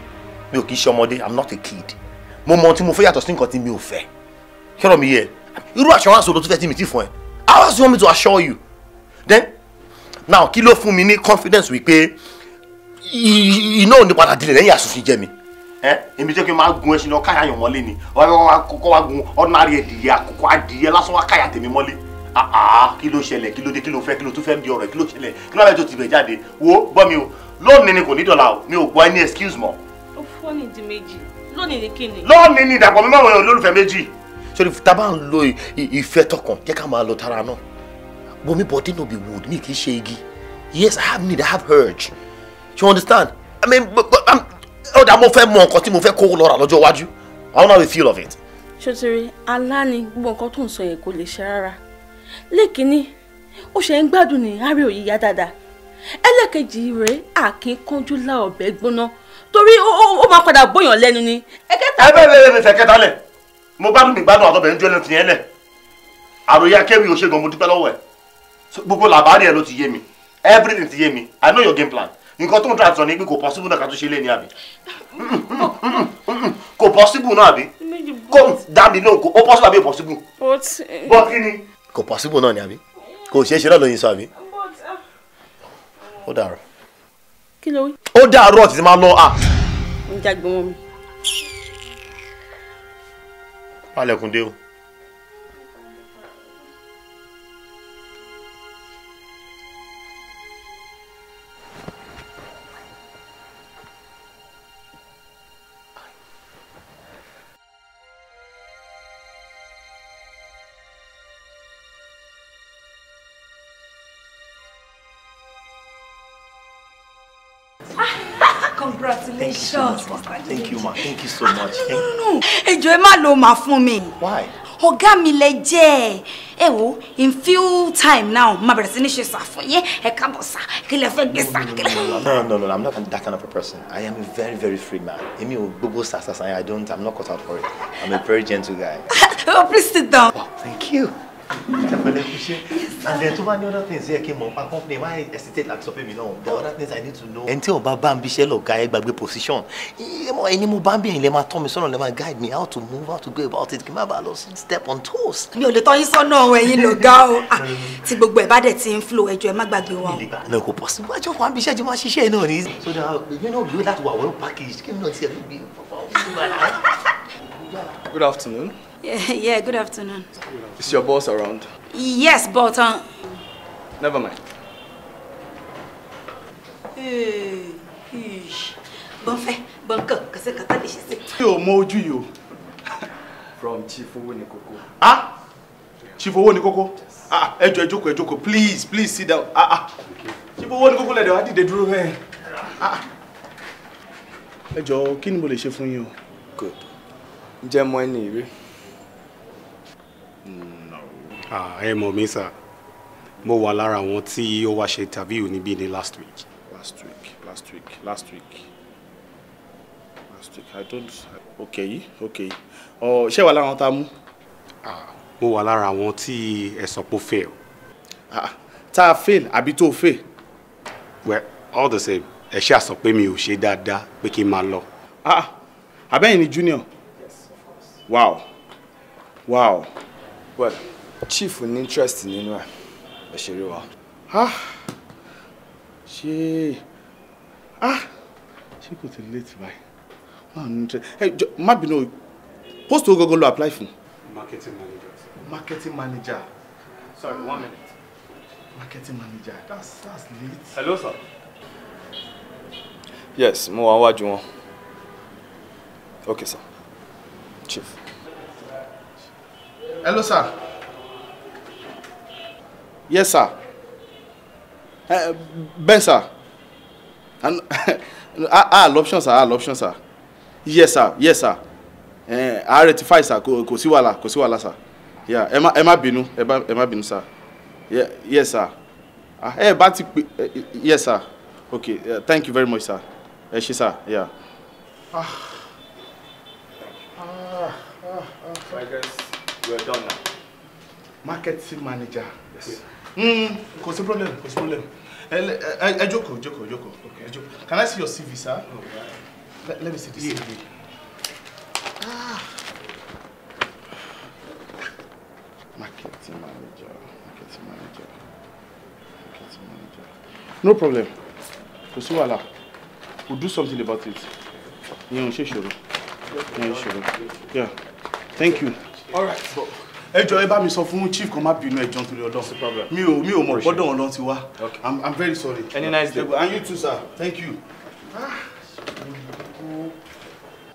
mi ò kì í ṣe ọmọdé i'm not a kid mo mọ ohun tí mo fẹ́ yàtọ̀ sí nǹkan tí mi ò fẹ́ kí ọ̀rọ̀ mi yẹ irú àṣọ wàásù ló tún fẹ́ tí mi ti fún ẹ how else you want me to assure you then now kí ló fún mi ní confidence wípé iná ò ní padà dilẹ̀ lẹ́yìn àṣùṣe jẹ mi èmi jẹ́ kí n máa gun ẹṣin lọ káyà yàn mọ́lé ni kọ́kọ́ wá gun ordinary ẹ̀dìyẹ àkókò adìyẹ lásán wá káyà tèmi mọ́lé kí ló ṣẹlẹ̀ kí ló dé kí ló fẹ́ kí ló tún fẹ́ di ọ̀rọ̀ kí ló ṣẹlẹ̀ kí ló bá tó ti bẹ̀ jáde wo gbọ́ mi o lónìí ni kò ní dọ̀la o mi ò gbọ́ ẹni excuse mọ́. ó fọ́ ni di méjì lónìí ni kí ni. lónìí ni ìdàpọ̀ mi máa wọ̀ olólùfẹ́ méjì sori tá a bá ń lo ìfẹ́ tọkàn jẹ́ ká máa lo tara náà bomi body no be wood mi kì í igi yes i have need i have urge you understand i mean but but ọ̀dà mo fẹ́ mọ nǹkan tí mo fẹ́ kó lọ́ra lọ́jọ́ iwájú i don't have a feel of it. ṣòtìrì aláni gbogbo nǹkan tó ń sọ yẹn kò lè ṣe rárá lẹ́kìnní ó ṣe ń gbádùn ní àárẹ̀ òye yá dáadáa ẹlẹ́kejì rẹ̀ àkínkánjú lá ọ̀bẹ gbóná torí ó máa padà bóyàn lẹ́nu ni. ẹ̀kẹ́ta. ẹ bẹ́ẹ̀ bẹ́ẹ̀ bẹ́ẹ̀ fẹ́ kẹta lẹ̀ mo gbádùn mi gbádùn àtọ́bẹ̀rẹ̀ jọ ẹni tìyẹn lẹ̀ àròyé akẹ́wì ò ṣe gan mo dúpẹ́ lọ́wọ́ ẹ̀ gbogbo làbárí ẹ̀ ló ti yé mi everything ti yé mi i know your game plan nǹkan tó ń tra àtìsàn ni pé kò possible náà ká tó ṣe lé ní àbí kò possible náà àbí kò dáàbì náà kò ó possible àbí possible bọ́ kí ni. kò possible náà ni àbí kò ṣeé ṣe náà lóyin sọ àbí uh, ó dàrú. ó dàrú ọ̀tí ti máa lọ à. ń jágbe mi. Valeu com Deus. Congratulations. Thank you, Thank you, ma. Thank you so much. No, no, no. Ẹ jọ̀ọ́ ẹ má lọ mi. Why? Oga mi lẹ jẹ́. Ẹ wò, in few time now, ma. bẹ̀rẹ̀ sí ní ṣe sa fún yín. Ẹ káàbọ̀ sá. Kí lẹ fẹ́ gbé sá. No, no, no, no. I'm not that kind of a person. I am a very, very free man. Èmi ò gbogbo sá sá sá. I don't. I'm not cut out for it. I'm a very gentle guy. oh, please sit down. Wow, thank you and then tó bá ní other things yẹ kí n company why hesitate like sọ me mi the other things i need to know. ẹni tí ọba bá ń bíṣẹ́ lọ ga ẹ gbàgbé position ẹni mo bá ń bí ẹ̀yin lè máa tọ́ mi sọ́nà guide me how to move how to go about it kí n má bàa step on toes. mi ò lè tọ́ yín no ọ̀hún ẹ̀yin lọ ga o ah, tí gbogbo ẹ̀ bá dẹ̀ ti ń flow ẹjọ́ ẹ wa o. no kò pọ̀ sí wájú ọkọ̀ àbíṣẹ́ jẹ́ máa share? No, ni. so the you know you that were well packaged kí n náà ti ẹ̀ ló Good afternoon. Yeah, yeah, good afternoon. Is your boss around? Yes, but... Um... Never mind. Hey, eh, Bonfẹ́, Bonkan, kase kata le ṣe. Mi ò mọ ojú yìí o. From Chief Owónikókó. Ah! Chief Owónikókó? Ah, ah ẹ jọ̀ọ́ ẹ jókòó please, please sit down. Ah ah. Chief Owónikókó lẹ̀dẹ̀ wá did dúró bẹ́ẹ̀. Ah. ah. jọ̀ọ́ kí ni mo lè ṣe Good. Ǹjẹ́ mọ ẹni No. Ah, ẹ mọ̀ mi sà mo wà lára àwọn tí ó wá ṣe interview níbí ní last week. last week last week last week last week i don't okay okay ọ ṣé wà lára wọn tá a mú. mo wà lára àwọn tí ẹ̀sán pò fail. tá a fail àbí tó fail. well all the same ẹ ṣáà sọ pé mi ò ṣe dáadáa pé kí n máa lọ. abẹ́yìn ni junior. yes of course. wow wow well chief ní interest nínú ẹ̀ òṣèré wa. ṣé Ah? She? tẹ̀lé létí báyìí wọn ní interest ẹ jọ má no. post go go ló apply for. marketing manager. marketing manager. sorry one minute. marketing manager that's that's late. hello sir. yes mo wá wájú wọn okay sir chief hello sir. yes sir. Uh, eh, bẹ́ẹ̀ sir. and ah ah l'option sir ah l'option sir. yes sir yes sir. a uh, eh, rectify sir kò sí wàhálà kò sí wàhálà sir. yeah Emma, Emma binu, Emma bínú ẹ sir. Yeah, yes sir. Ah, ẹ bá ti pè eh, yes sir. okay uh, thank you very much sir. ẹ ṣé sir. Yeah. Ah. Ah, ah, ah. I ah. guess. We're done now. marketing manager. yes. Hmm, kò No problem kò sí problem ẹ jókòó Joko, Joko, ẹ jókòó can I see your CV sir. Oh, right. let, let me see the yeah. CV. Ah. marketing manager marketing manager marketing manager no problem kò sí wàhálà We'll do something about it yẹn ò ṣe ìṣòro yẹn ìṣòro yeah thank you ẹ jọ̀ọ́ ẹ bá mi sọ fún chief kan má bínú ẹ jọ̀ọ́ torí Ọlọ́run mi ò mi ò mọ̀ gbọ́dọ̀ Ọlọ́run ti wá i'm i'm very sorry. any nice day. and you too sir thank you. Ah.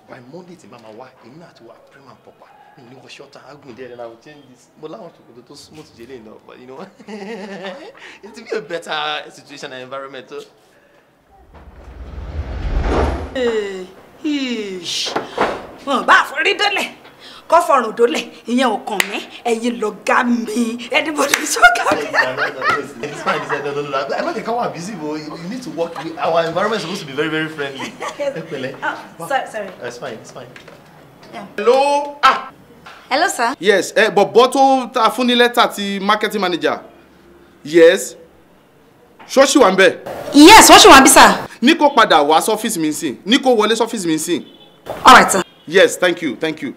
by monday ti mama wa èmi náà ti wà prim and proper mi ní wọ ṣọ́tà agun there and i will change this mo láwọn ṣòkòtò tó smooth jẹ́ lẹ́yìn náà but you know it will be a better situation and environment. ish. wọn bá forí délẹ̀ kọ́ fọrùn dólẹ̀ ìyẹn ò kàn mí ẹ̀yin lọ ga mi anybody is okay. it's fine it's i like how i'm busy but you need to work our environment is supposed to be very very friendly. oh, sorry sorry. it's fine it's fine. Yeah. hello. ah. hello sir. yes Eh, but bottle. ta fún ní lẹ́tà ti marketing manager yes ṣọ́ọ̀ṣì wà ń bẹ̀. yes wọ́n ṣì wà ń bí sà. ní kó padà wá sọ́fíìsì mi sìn ní kó wọlé sọ́fíìsì all right sir. yes thank you thank you.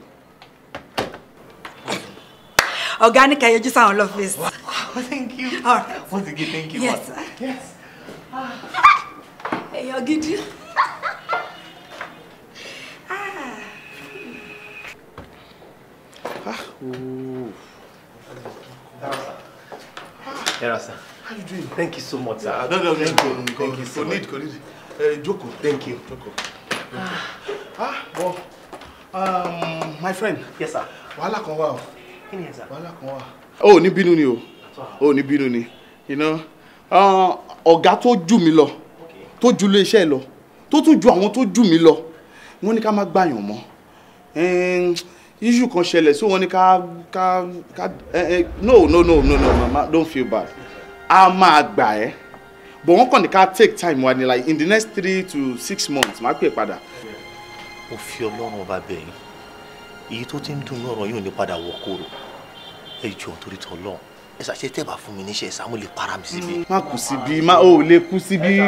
Organic, ọ̀gá ní kẹyọjú sáwọn lọ́fíìsì. thank you all right once again thank you. yes sir. yes. èèyàn ah, gidi. Ah, ah ooh. Era, sir. How are you doing? Thank you so much, sir. no, no, thank you. Thank you so much. Kò ní, kò ní. Jókòó. Thank you. Joko. Ah, well, um, my friend. Yes, sir. Wàhálà kan wà kí ni ẹ o ò ni o o ò ní bínú ni iná ah, ọ̀gá tó jù mí lọ tó ju iléeṣẹ́ lọ tó tún ju àwọn tó jù mí lọ wọ́n ní ká má gbàyàn mọ́ issue kan ṣẹlẹ̀ so wọ́n ní ká ká ká no no no no no mama don't feel bad a máa gbà ẹ́ but wọ́n kàn ní ká take time wa ni like in the next three to six months máa pè padà. mo fi ọlọ́run ọba bẹ̀yìn èyí tó ti ń dùn ní ọ̀rọ̀ yóò ní padà wọ kóró ẹ jù ọ́ torí tọ́ lọ́hùn ẹ ṣàṣẹ tẹ́bà fún mi níṣẹ́ ẹ̀sà mo lè para mi síbi. má kú síbi má ò lè kú síbi.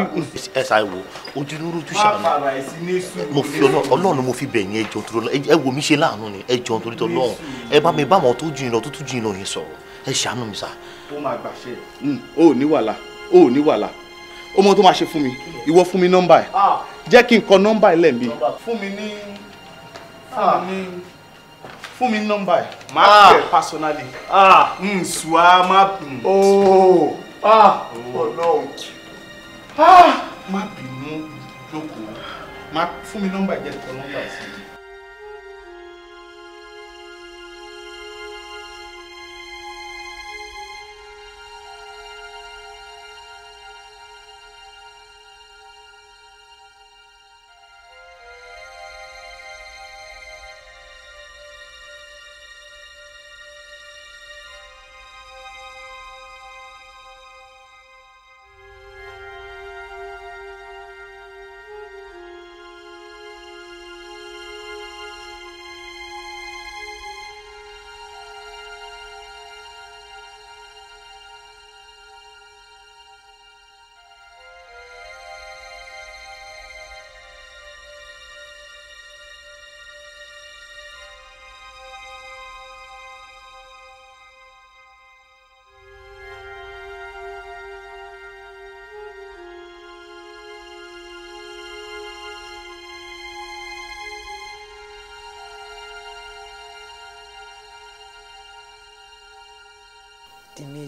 ẹ ṣá wo ojúlóru ojú ṣàánú mo fi ọlọ́run mo fi bẹ̀yìn ẹjọ́ torí ọlọ́run ẹ wo mi ṣe láàánú ni ẹjọ́ torí ọlọ́run ẹ bá mi bá àwọn tó jìn lọ tó tún jìn lọ yẹn sọ̀rọ̀ ẹ ṣàánú mi sá. ó máa gbàṣẹ. Hmm, o ò ní wàhálà o ò ní wàhálà ó mọ tó máa ṣe fún mi ìwọ fún mi nọ́mbà ẹ ah. jẹ́ kí n kọ nọ́mbà ẹ lẹ́ẹ̀mí. fún mi ní fún ah. mi ní fún mi nọ́mbà ẹ̀ máa ah. pẹ̀ personally nsùá ah. hmm, má bínú. Oh. Ah. Oh. ọlọ́run má bínú jókòó fún mi nọ́mbà ẹ̀ jẹ́ kọ́ nọ́mbà sí i.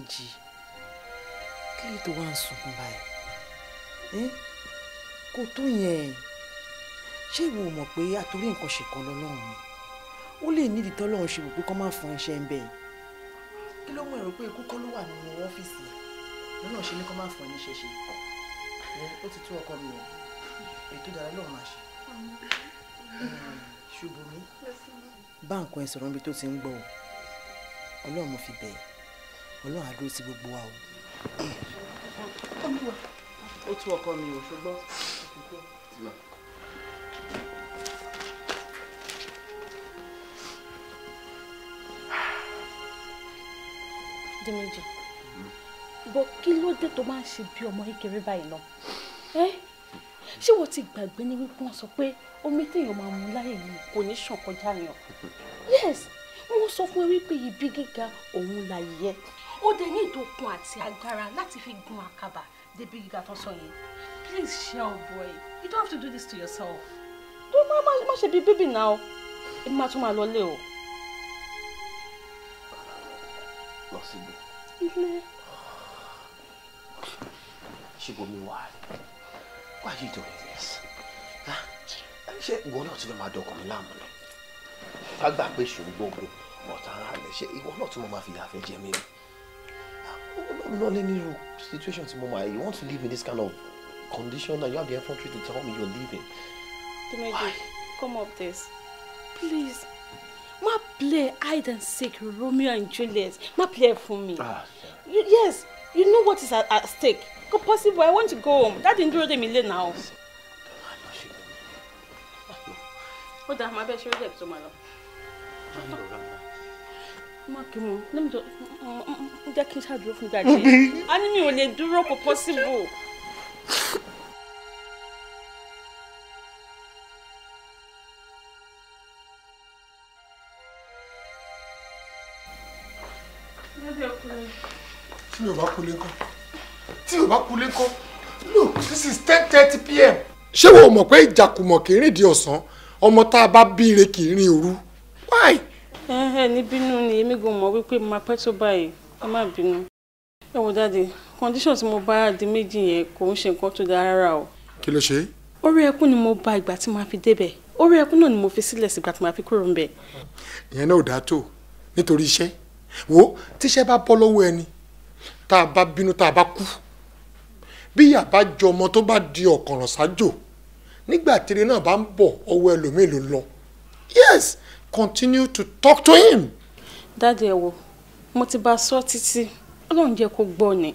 Dèjì kí lè tó wá ń sunkún báyìí kò tó yẹn ṣé ìwọ mọ̀ pé àtúrí nǹkan ṣèkọ́ lọ́lọ́run ni ó lè nídìí tọ́lọ́run ṣe wò pé kọ́ máa fún iṣẹ́ ń bẹ̀ kí ló mú ẹ̀rọ pé ikú kọ́ ló wà nínú ọ́fíìsì lọ́nà ṣe ní kọ́ máa fún ẹ níṣẹ́ ṣe ó ti tó ọkọ mi o ètò ìdára lọ́ọ̀ máa ṣe ṣubú mi bá nǹkan ẹ̀ sọ̀rọ̀ níbi tó ti ń gbọ́ ọ ọlọ́run fi bẹ̀ẹ́ ọlọ́run á dúró ti gbogbo wa o. ó tú ọkọ mi ò ṣùgbọ́n. Dèmẹ́jì bọ kí ló dé tó máa ń ṣe bí ọmọ kékeré báyìí lọ ṣé wọ́n ti gbàgbé ní wípé wọ́n sọ pé omi téèyàn máa mu láyè ni kò ní ṣàn kọjá yàn yes wọ́n sọ fún ẹ wípé ibi gíga òun là yẹ ó dẹ ní ìdókun àti agbára láti fi gun àkàbà débi gíga tó sọ yẹn please shell oh boy you don't have to do this to yourself. tó má má má ṣe bí bíbì náà ẹ má tún máa lọ lé o. lọ síbi. ilé. ṣùgbọ́n wà á why are you doing this? ṣé ìwọ náà ti fẹ́ máa dọkàn mi láàmú ni? ká gbà pé ṣùgbọ́n gbogbo ọ̀tá ara rẹ̀ ṣe ìwọ náà tún mọ̀ máa fi yàfẹ́ jẹ mí ni. not any situation tí mo you want to live in this kind of condition and you have the infantry to tell me you're leaving. Dimeji, Why? come up this. Please. Má play hide and seek Romeo and Juliet. Má play for me. Ah, sorry. you, yes, you know what is at, at stake. Go possible, I want to go home. Dad didn't draw them in late now. Ó dáa, máa bẹ́ẹ̀ ṣe ó jẹ̀bi tó má kí mo lẹ́mi jọ jẹ́ kí n ṣàdúró fún jáde a ní mi ò lè dúró kò possible. tí mi ò bá kulé ńkọ́ tí mi ò bá kulé ńkọ́ look this is ten thirty pm. ṣé wo mọ̀ pé ìjàkùmọ̀ kì í rìn di ọ̀sán ọmọ tá a bá bí ire kì í rìn òru why ẹ ẹ ní bínú ni èmi gan mọ̀ wípé mo máa pẹ́ tó báyìí ẹ má bínú. ẹ wò dáàdi condition tí mo bá di méjì yẹn kò ń ṣe nǹkan tó dáa rárá o. kí ló ṣe. orí ẹkún ni mo bá ìgbà tí màá fi débẹ̀ orí ẹkún náà ni mo fi sílẹ̀ sígbà tí màá fi kúrò ńbẹ̀. ìyẹn náà ò dáa tó nítorí iṣẹ́ wo tíṣẹ́ bá bọ́ lọ́wọ́ ẹni tá a bá bínú tá a bá kú bí ìyá bá jọ ọmọ tó bá di ọ̀kànràn ṣáájò nígbà tèrè náà bá ń bọ̀ ọwọ́ ẹlòmíì ló lọ yes continue to talk to him. dáàdi ẹ wo mo ti bá a sọ títí Ọlọ́run jẹ́ kó gbọ́ ni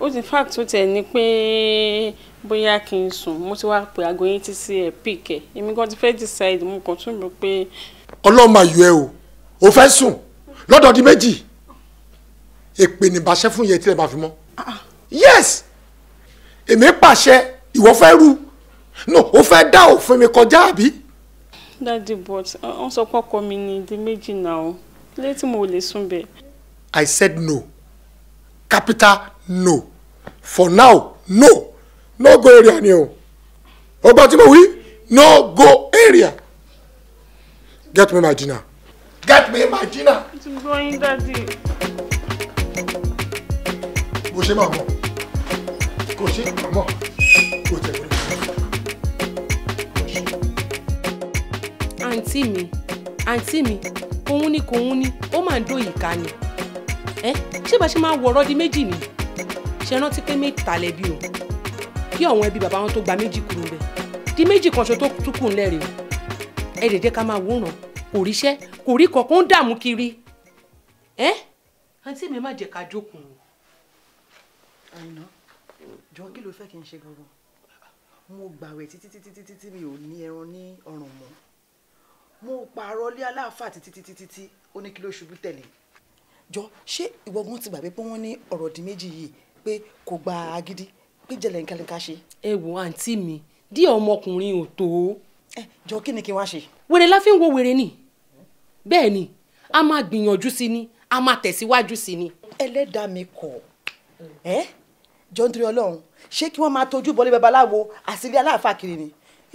ó ti fact ó tiẹ̀ ní pé bóyá kí n sùn mo ti wá pé aago yín títí ẹ̀ pick ẹ̀ èmi kan ti fẹ́ decide mo kàn tún rò pé. ọlọ́mọ ayọ̀ ẹ o ò fẹ́ sùn lọ́dọ̀ di méjì èpè ní bàṣẹ fún yẹn tí ẹ bá fi mọ́ ah, ah. yes èmi pàṣẹ ìwọ fẹ́ rú no o fẹ́ dá òfin mi kọjá àbí. dadi but uh, wọ́n sọ pé ọkọ mi ni ìdí méjì náà o ilé tí mo lè sùn bẹ́ẹ̀. i said no capital no for now no no go area ni o o gbọ́ tí mo wí no go area get me my dinner get me my dinner. ti gbọ́ yín dadi. bó ṣe máa mọ̀ kò ṣe máa mọ̀ kò tẹ̀wé. àǹtí mi àǹtí mi kòun ni kòun ni ó máa ń dóyè ká ni ẹ ṣé bá ṣe máa wọ ọ̀rọ̀ méjì ni ṣe rántí pé mẹ́ta lẹ́bi o kí àwọn ẹbí bàbá wọn tó gba méjì kúrò bẹ di méjì kan ṣo tó túkù ńlẹ́rìí o ẹ dẹ̀dẹ̀ ká máa wòran kò ríṣẹ́ kò rí kankan ń dààmú kiri ẹ àǹtí mi má jẹ́ ká jókòó. àìná jọ kí ló fẹ́ kí n ṣe gangan mo gbàwẹ̀ títí títí títí mi ò ní ẹran ní ọrùn mọ́ mo pààrọ̀ ilé aláàfáà títí títí títí ó ní kí ló ṣubú tẹ̀lé. jọ ṣé ìwọ gan ti gbàgbé pé wọn ní ọ̀rọ̀ di méjì yìí pé kò gba agídí pé jẹlẹ nǹkanǹkan ṣe. ẹ wo àǹtí mi dí ọmọkùnrin ò tó. ẹ jọ kí ni kí n wá ṣe. wèrè la fi ń wo wèrè ni bẹ́ẹ̀ ni a máa gbìyànjú sí ni a máa tẹ̀síwájú sí ni. ẹlẹ́dàá mi kọ̀ ẹ́ jọ nítorí ọlọ́run ṣé kí wọ́n máa tọ́jú bọ́lé babaláwo àti ilé aláàfáà kiri ni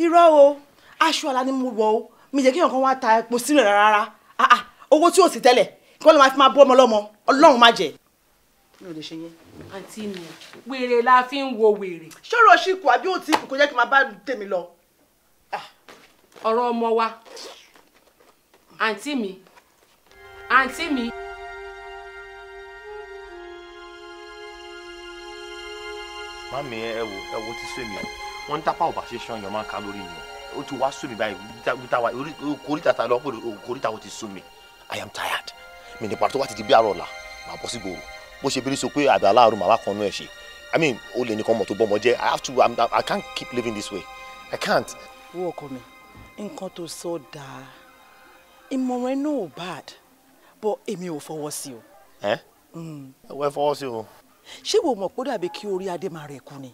irọ́ o aṣọ àlá ni mo wọ̀ o mi jẹ́ kí èèyàn kan wá ta epo sílẹ̀ rárá ah, ah owó tí ò sí tẹ́lẹ̀ kí wọ́n lè máa fi máa bọ́ ọmọ ọlọ́mọ ọlọ́run má jẹ́. mi ò lè ṣe yẹn. àǹtí mi wèrè la fi ń wo wèrè. ṣọ́rọ̀ ṣì kù àbí òtí kò jẹ́ kí n máa bá tèmi lọ. Ah. ọ̀rọ̀ ọmọ wa àǹtí mi àǹtí mi. mami ẹ wo ẹ wo ti sèmi o wọn ń tápá ọbàṣẹ ṣan yọọ máa ka lórí mi o ti wá sùn mí báyìí kórìtà ta lọ́pọ̀ kórìtà o ti sùn i am tired mi ní pàtó wá ti di bí àrọ̀ ọ̀la màá bọ́ sí gbòòrò bó ṣe bí sọ pé àbí aláàrú màá wá kan nú ẹ̀ ṣe i mean o lè nìkan mọ̀ tó bọ́mọ jẹ́ i have to I'm, i can't keep living this way i can't. wo ọkọ mi nǹkan tó sọ dáa ìmọ̀ràn iná ò bad but èmi ò fọwọ́ sí o. Mm. ẹ wẹ́ fọwọ́ sí o. ṣé wo mọ̀ pé ó dàbí kí orí adé máa rẹ̀ kú ni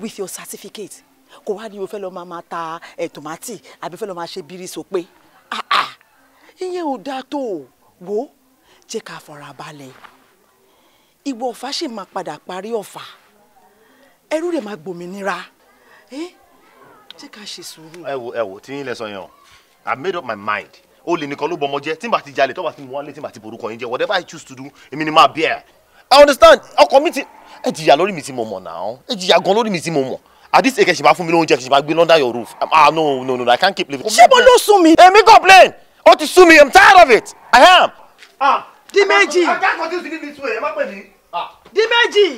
with your certificate kò wá ní o fẹ́ lọ máa máa ta tòmátì àbí fẹ́ lọ máa ṣe bírí sọpé ah, ah. ìyẹn ò dáa tó o wò ó jẹ́ ká fọra balẹ̀ ìwọ ọ̀fà ṣì máa padà parí ọ̀fà ẹrú rẹ̀ máa gbòmìnira jẹ́ ká ṣe sùúrù. ẹ wo ẹ wo tí yín lẹ sọ I made up my mind o lè nìkan ló bọmọ jẹ tí n bá ti jalè tó bá ti mú wálé tí n bá ti borúkọ yín jẹ whatever I choose to do èmi ni máa bí ẹ I understand ọkọ mi ti ẹ jìyà lórí mi tí mo mọ̀ náà ẹ jìyà gan lórí mi tí mo mọ̀ at this age ṣìbá fún mi lóúnjẹ ṣìbá gbé under your roof ah no no no i can't keep living. ṣé mo ló sún mi. èmi complain ó ti sún mi i'm tired of it i am. ah di méjì. ajá kan tí o ti ní mi sún ẹ ẹ má pè ah. di méjì.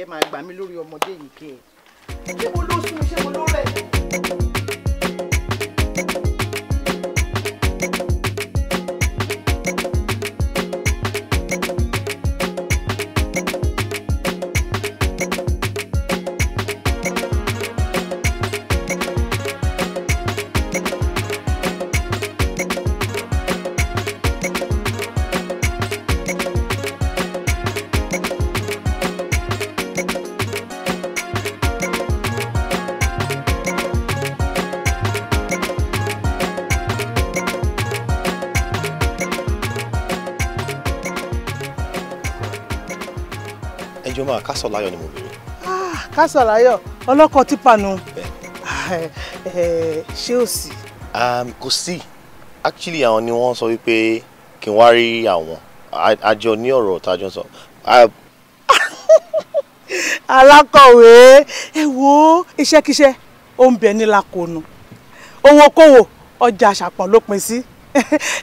ẹ máa gbà mí lórí ọmọdé yìí kẹ. ṣé mo ló sún mi ṣé mo. Kásọ̀láyọ̀ ni mo bí ni. Ah, Kásọ̀láyọ̀ ọlọ́kọ̀ tipa nu eh, eh, ṣé ò sí. Um, kò sí actually àwọn ni wọ́n sọ wípé kí n wá rí àwọn àjọ ní ọ̀rọ̀ tájọ sọ. Ah, alákọ̀wé ẹ wo iṣẹ́kíṣẹ́ ó ń bẹ nílàkọ̀ọ́nù owó kòwò ọjà àṣàpọ̀ ló pin sí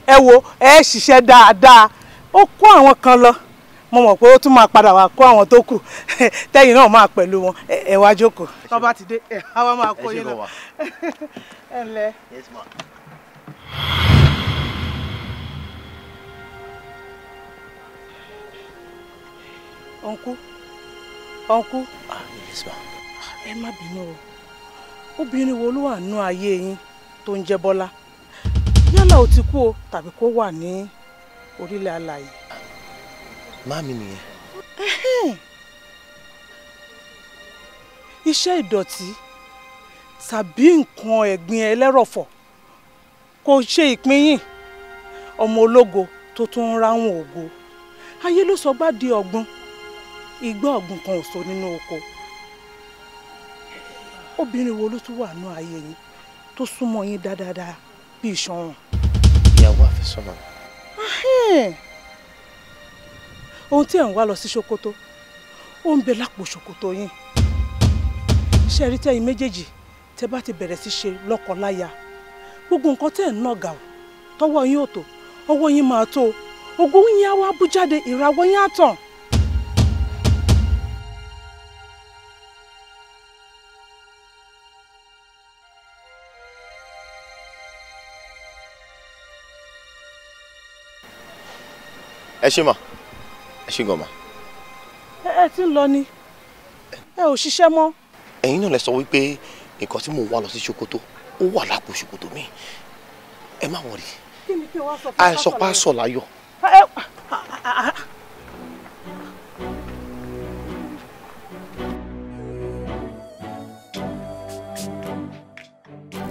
ẹ wo ẹ ṣiṣẹ́ dáadáa ó kó àwọn kan lọ mo mọ̀ pé ó tún máa padà wá kó àwọn tó kù tẹ́yìn náà máa pẹ̀lú wọn ẹ wá jókòó. tó bá ti dé ẹ á wá máa kó yín lọ ẹ ǹlẹ́. ọ̀nkú ọ̀nkú ah, ẹ má bínú o obìnrin wo ló wà nú ayé yín tó ń jẹ́ Bọ́lá yálà ó ti kú o tàbí kó wà ní orílẹ̀ alàyè. Máàmì nìyẹn. Iṣẹ́ ìdọ̀tí tàbí nǹkan ẹ̀gbin ẹlẹ́rọ̀fọ̀ kò ṣe ìpín yín ọmọ ológo tó tún ń ráhùn ògo ayé ló sọ gbá di ọ̀gbun igbá ọ̀gbun kan ò so nínú oko obìnrin wo ló tún wà nínú ayé yín tó súnmọ́ yín dáadáa bíi ìṣọ̀run. ìyàwó àfẹ́sọ́nà ohun tí ẹ̀ ń wá lọ sí ṣòkòtò ó ń bẹ lápò ṣòkòtò yín ṣe rí tẹ́yìn méjèèjì tẹ́ bá ti bẹ̀rẹ̀ sí ṣe lọ́kọláya gbogbo nǹkan tẹ́ ẹ̀ ń nàgà ò tọwọ́ yín ò tó ọwọ́ yín máa tó ògùn yín á wá bú jáde ìràwọ̀ yín á tàn. ẹ ṣe mọ̀ ẹ ṣe gan ma. ẹ ẹ ti ń lọ ni ẹ ò ṣiṣẹ́ mọ́. ẹ̀yin náà lẹ sọ wípé nǹkan tí mò ń wá lọ sí ṣòkòtò ó wà lápò ṣòkòtò mi ẹ má wọrí àìsàn pa sọ láyọ̀.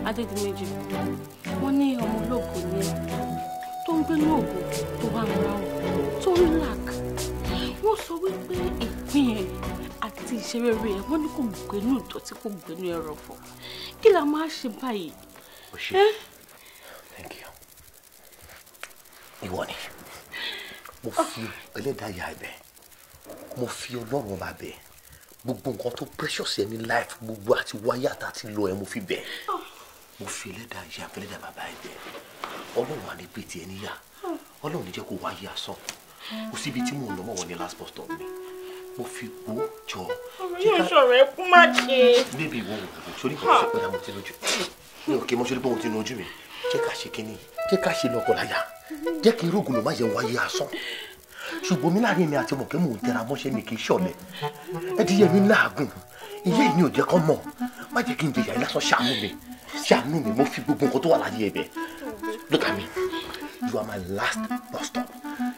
adédìméjì wọn ní ọmọ olóògùn ní ẹ tó ń gbé ní òògùn tó bá ń ra ọ tó ń làkà sọ wípé ìpín ẹ̀ àti ìṣerere ẹ̀ wọ́n ní kò gbénú ìdọ̀tí kò gbénú ẹrọ̀fọ̀ kí la máa ṣe báyìí. o ṣe thank you ìwọ ni mo ah. fi ẹlẹ́dàáyà ẹ̀bẹ̀ mo fi ọlọ́run ọba bẹ̀ gbogbo nǹkan tó precious ẹ ní life gbogbo àti wáyà tá a ti lọ ẹ mo fi bẹ̀ ah. mo fi ẹlẹ́dàáyà ẹ̀bẹ̀ ẹlẹ́dàá bàbá ẹ̀bẹ̀ ọlọ́run àdébẹ̀tì ẹ̀ níyà ah. ọlọ́run ní jẹ́ kó wáyé asán. O síbi tí mò ń lọ mọ̀ wọ́n ní last bus stop mi mo fi gbó jọ. yóò sọ̀rọ̀ ẹ kú má ṣe. bébí ìwọ wò ó sí padà mo ti lójú mi ò kí mo sórí pé mo ti lójú mi jẹ́ ká ṣe kínní jẹ́ ká ṣe lọ́kọ̀láyà jẹ́ kí irúgùn ló má yẹ wáyé asán ṣùgbọ́n mi láàrin mi àti mọ̀kẹ́ mò ń tẹra mọ́ṣẹ́ mi kì í ṣọ̀lẹ̀ ẹ ti yẹ mi láàgùn ìyá ìní ò jẹ́ kán mọ̀ má jẹ́ kí n jẹ̀yà ẹ lásán ṣàánú mi ṣàánú mi mo fi gbogbo nǹkan tó wà láyé ẹ bẹ́ẹ̀ lọ́kà mi you are my last bus stop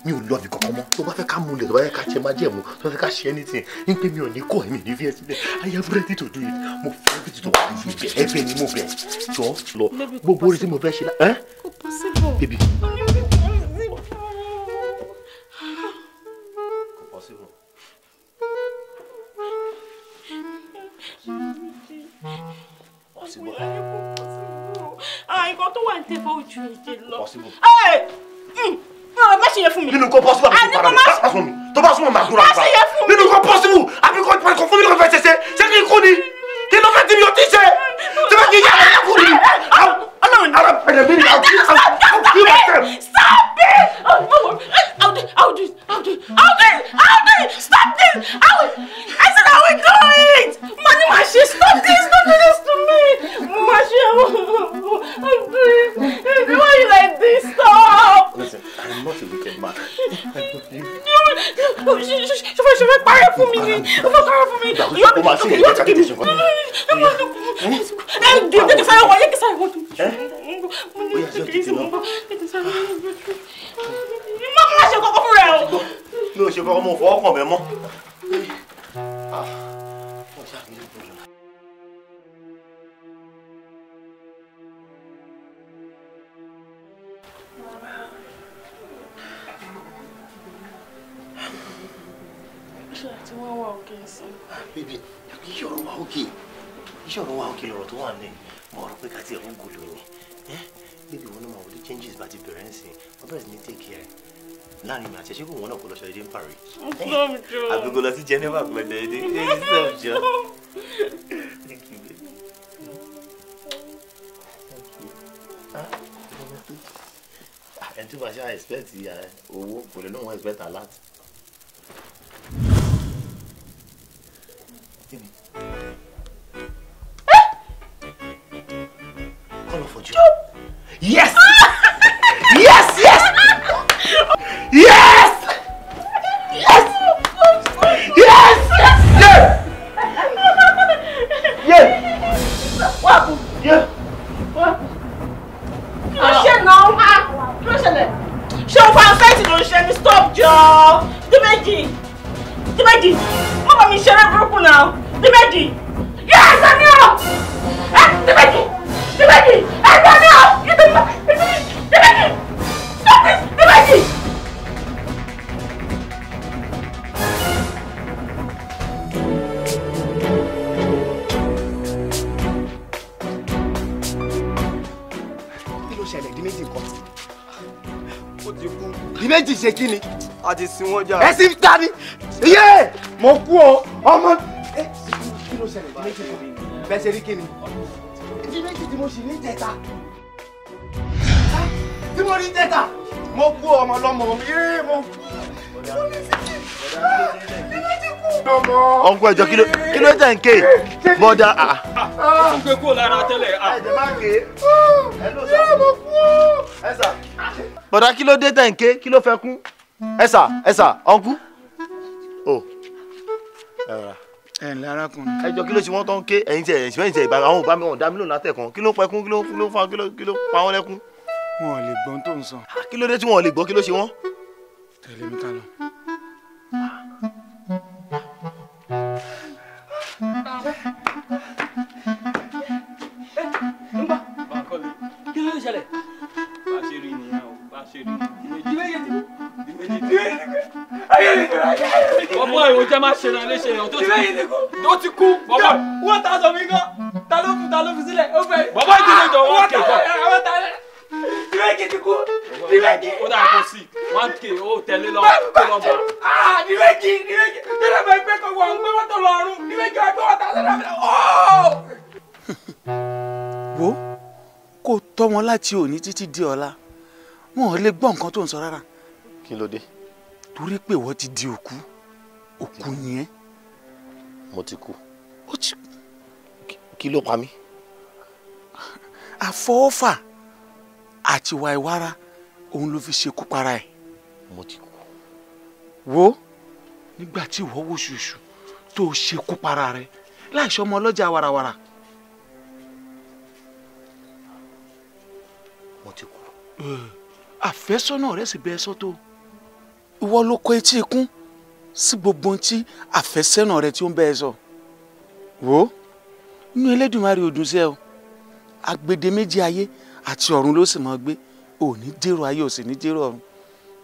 mi ò love you. kankan mọ́ tó bá fẹ́ ká múlẹ̀ tó bá fẹ́ ká jẹ má jẹ mu tó bá fẹ́ ká ṣe anything ní pé mi ò ní kọ́ ẹ̀mí ní fi ẹ sílẹ̀ i am ready to do it mo fẹ́ bí tuntun wà ní ibẹ̀ ẹ̀bẹ̀ ni mo bẹ̀ jọ lọ gbogbo orí tí mo fẹ́ ṣe la ẹ́ baby. possible. Ah, nǹkan tó wà ní tèbó ojú ìdè lọ. Eh, hmm, ah, má ṣe yẹ fún mi. nínú kó pọ́sibú ah, àbí kó para fún mi tó bá súnmọ́ màá dúró àgbà nínú kó pọ́sibú àbí kó para fún mi kó fẹ́ ṣẹṣẹ ṣé kí n kú ni kí ló fẹ́ tì mí o ti ṣe tí wọ́n kì í yá ara yẹ kú ni. ara pẹ̀lẹ́ mi ni àwọn kí wọ́n fẹ́. Stop it! I'll oh, oh, oh. do it! I'll Stop this! I said I will do it! Money, my ṣáà expect eh, owó kò lè lóun expect alert. Call for job. Yes! yes! Yes! Yes! Yes! Yes! jọ Dimeji Dimeji má bá mi ṣeré burúkú náà Dimeji yẹ ẹsẹ mi ọ ẹ Dimeji Dimeji ẹsẹ mi ọ Dimeji Dimeji. Dimeji ṣe kí ni a ti sin wọn jà. ẹ sì ń ta ni iye mo kú o ọmọ. ẹ eh, kí ló ṣẹlẹ̀ bí méjì mi bẹ́ẹ̀ ṣe rí kí ni méjì tí mo sì ní jẹta tí mo ní jẹta mo kú ọmọ lọmọ mi mo ọ̀nkú ẹ̀jọ̀ kí ló tẹ̀ ń ké bọ́dà. ó gbé kó lára tẹ́lẹ̀. Ah. ẹ̀jẹ̀ máa ké ẹ̀ ló sọ. yé mo kú. kí ló dé tẹ̀ ń ké kí ló fẹ́ kún ẹ sà ẹ sà ọ̀nkú. o ẹ rà. ẹ ǹlẹ́ arákùnrin. ẹ jọ kí ló ṣe wọ́n tán ké ẹ̀yin tí ẹ̀yin tí ìbára àwọn òbá mi wọn dá mi lónìí látẹ̀kàn kí ló pẹkún kí ló kí ló fa kí ló pa wọn lẹ́kún. wọn ò lè gbọ́ ohun tó ń sọ. Ah, kí ló dé tí wọn ò lè gbọ́ kí ló ṣe wọ́n. tẹ̀lé mi ká lọ. kí ló ń ṣẹlẹ̀. bá a ṣe rí nìyẹn o bá a ṣe rí nìyẹn bọ́bọ́ ìwọ jẹ́ má ṣe náà léṣe èèyàn tó ti kú ó ti kú bọ́bọ́. wọ́n ta sọ mi gan ta ló fi ta ló fi sílẹ̀ ó fẹ́. bọ́bọ́ ìdílé jọ wọ́n kẹ̀ kọ́. àwọn ta lẹ́ dìrẹ́kì ti kú dìrẹ́kì. ó dà kó sí one k ó tẹ̀lé lọ kó lọ bọ̀. dìrẹ́kì ah, dìrẹ́kì tẹ́lẹ̀ bá ẹgbẹ́ kan wọ̀ ń gbé wọ́tò lọ́rùn dìrẹ́kì wà gbé wọ́tò àtàlẹ́ oh! wo kó tọ́ wọn láti òní títí di ọ̀la wọn ò lè gbọ́ nǹkan tó ń sọ rárá kí ló dé. torí pé ìwọ ti di òkú òkú yẹn. mo ti kú. ó ti kí ló pa mí. àfọwọ́fà àti wàìwára òun ló fi ṣekú para ẹ̀. mo ti kú. wo nígbà tí ìwọ wò ṣùṣù tó o ṣekú para rẹ láìsọ ọmọ ọlọ́jà warawara. mo ti kú. àfẹ́sọ́nà rẹ̀ sì bẹ́ẹ̀ sọ́tò. So ìwọ ló kọ etí ikún sí gbogbo ohun tí àfẹ́sẹ́nà rẹ tí ó ń bẹ ẹ sọ wò ó inú Elédùmarè ò dùn sí ẹ o agbede méjì ayé àti ọ̀run ló sì máa gbé ò dèrò ayé ò sì ní dèrò ọ̀run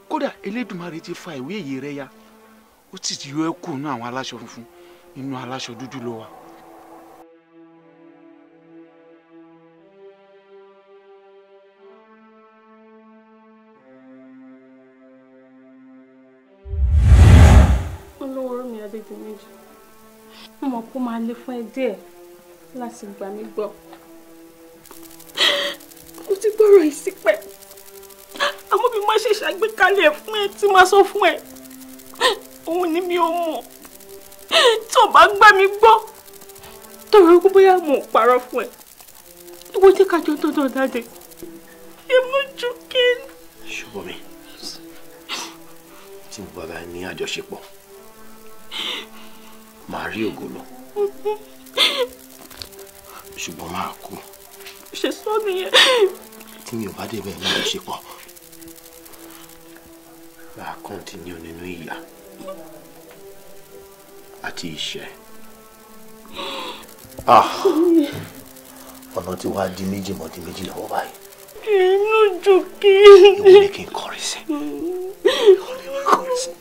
kódà Elédùmarè ti fa ìwé ìyè rẹ ya ó sì ti yọ ẹ kúrò nínú àwọn aláṣọ funfun nínú aláṣọ dúdú ló wà. di méjì mo mọ̀ kó máa le fún ẹ díẹ̀ láti gbà mí gbọ́ mo ti gbọ́rọ̀ yìí sípẹ́ àmọ́ bí má ṣe ṣàgbékalẹ̀ fún ẹ tí máa sọ fún ẹ òun ni mi ò mọ̀ tí ò bá gbà mí gbọ́ tọrọ kó bóyá mo parọ́ fún ẹ ìwọ jẹ́ ká jọ tọ́jọ́ dáadé ìmújú kí. ṣùgbọ́n mi tí mo bá bá ní àjọṣepọ̀ màá rí ògo lọ ṣùgbọ́n máa kú. ṣe sọ nìyẹn. tí mi ò bá débẹ̀ náà ló ṣe pọ̀ máa kọ́ńtínú nínú ìyà àti ìṣẹ́. Ah! ọ̀nà tí wàá di méjì mọ́ di méjì lọ́wọ́ báyìí. inú jù kí. ìwọ ni kí n kọrin sí. ìwọ ni kí n kọrin sí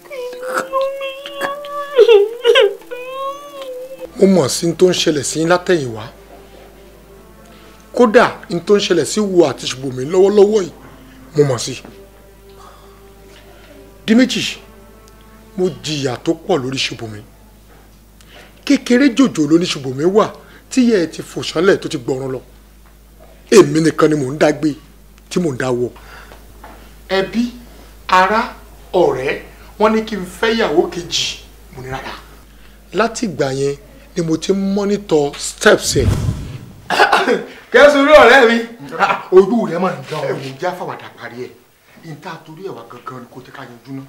ó mọ̀ sí ní tó ń ṣẹlẹ̀ sí látẹ̀yìnwá kódà ní tó ń ṣẹlẹ̀ sí wo àti ṣùgbọ́nmi lọ́wọ́lọ́wọ́ yìí mo mọ̀ sí. di méjì mo jìyà tó pọ̀ lórí ṣùgbọ́nmi kékeré jòjò lóní ṣùgbọ́nmi wà tíyẹ̀ ti fò sánlẹ̀ tó ti gbọ́ràn lọ èmi nìkan ni mò ń dá gbé tí mò ń dá wọ. ẹbí ará ọ̀rẹ́ wọn ní kí n fẹ́ yàwó kejì mo ní rárá. láti ìgbà yẹn ni mo ti ń mọ́nítọ̀ steps ẹ̀. kẹ́sùn rí ọ̀rẹ́ mi ah, ojú rẹ̀ máa ń dán. ẹ wò já fàwàdà parí ẹ̀ n torí ẹ̀wà gangan kò tẹ́ ká yanjú ná.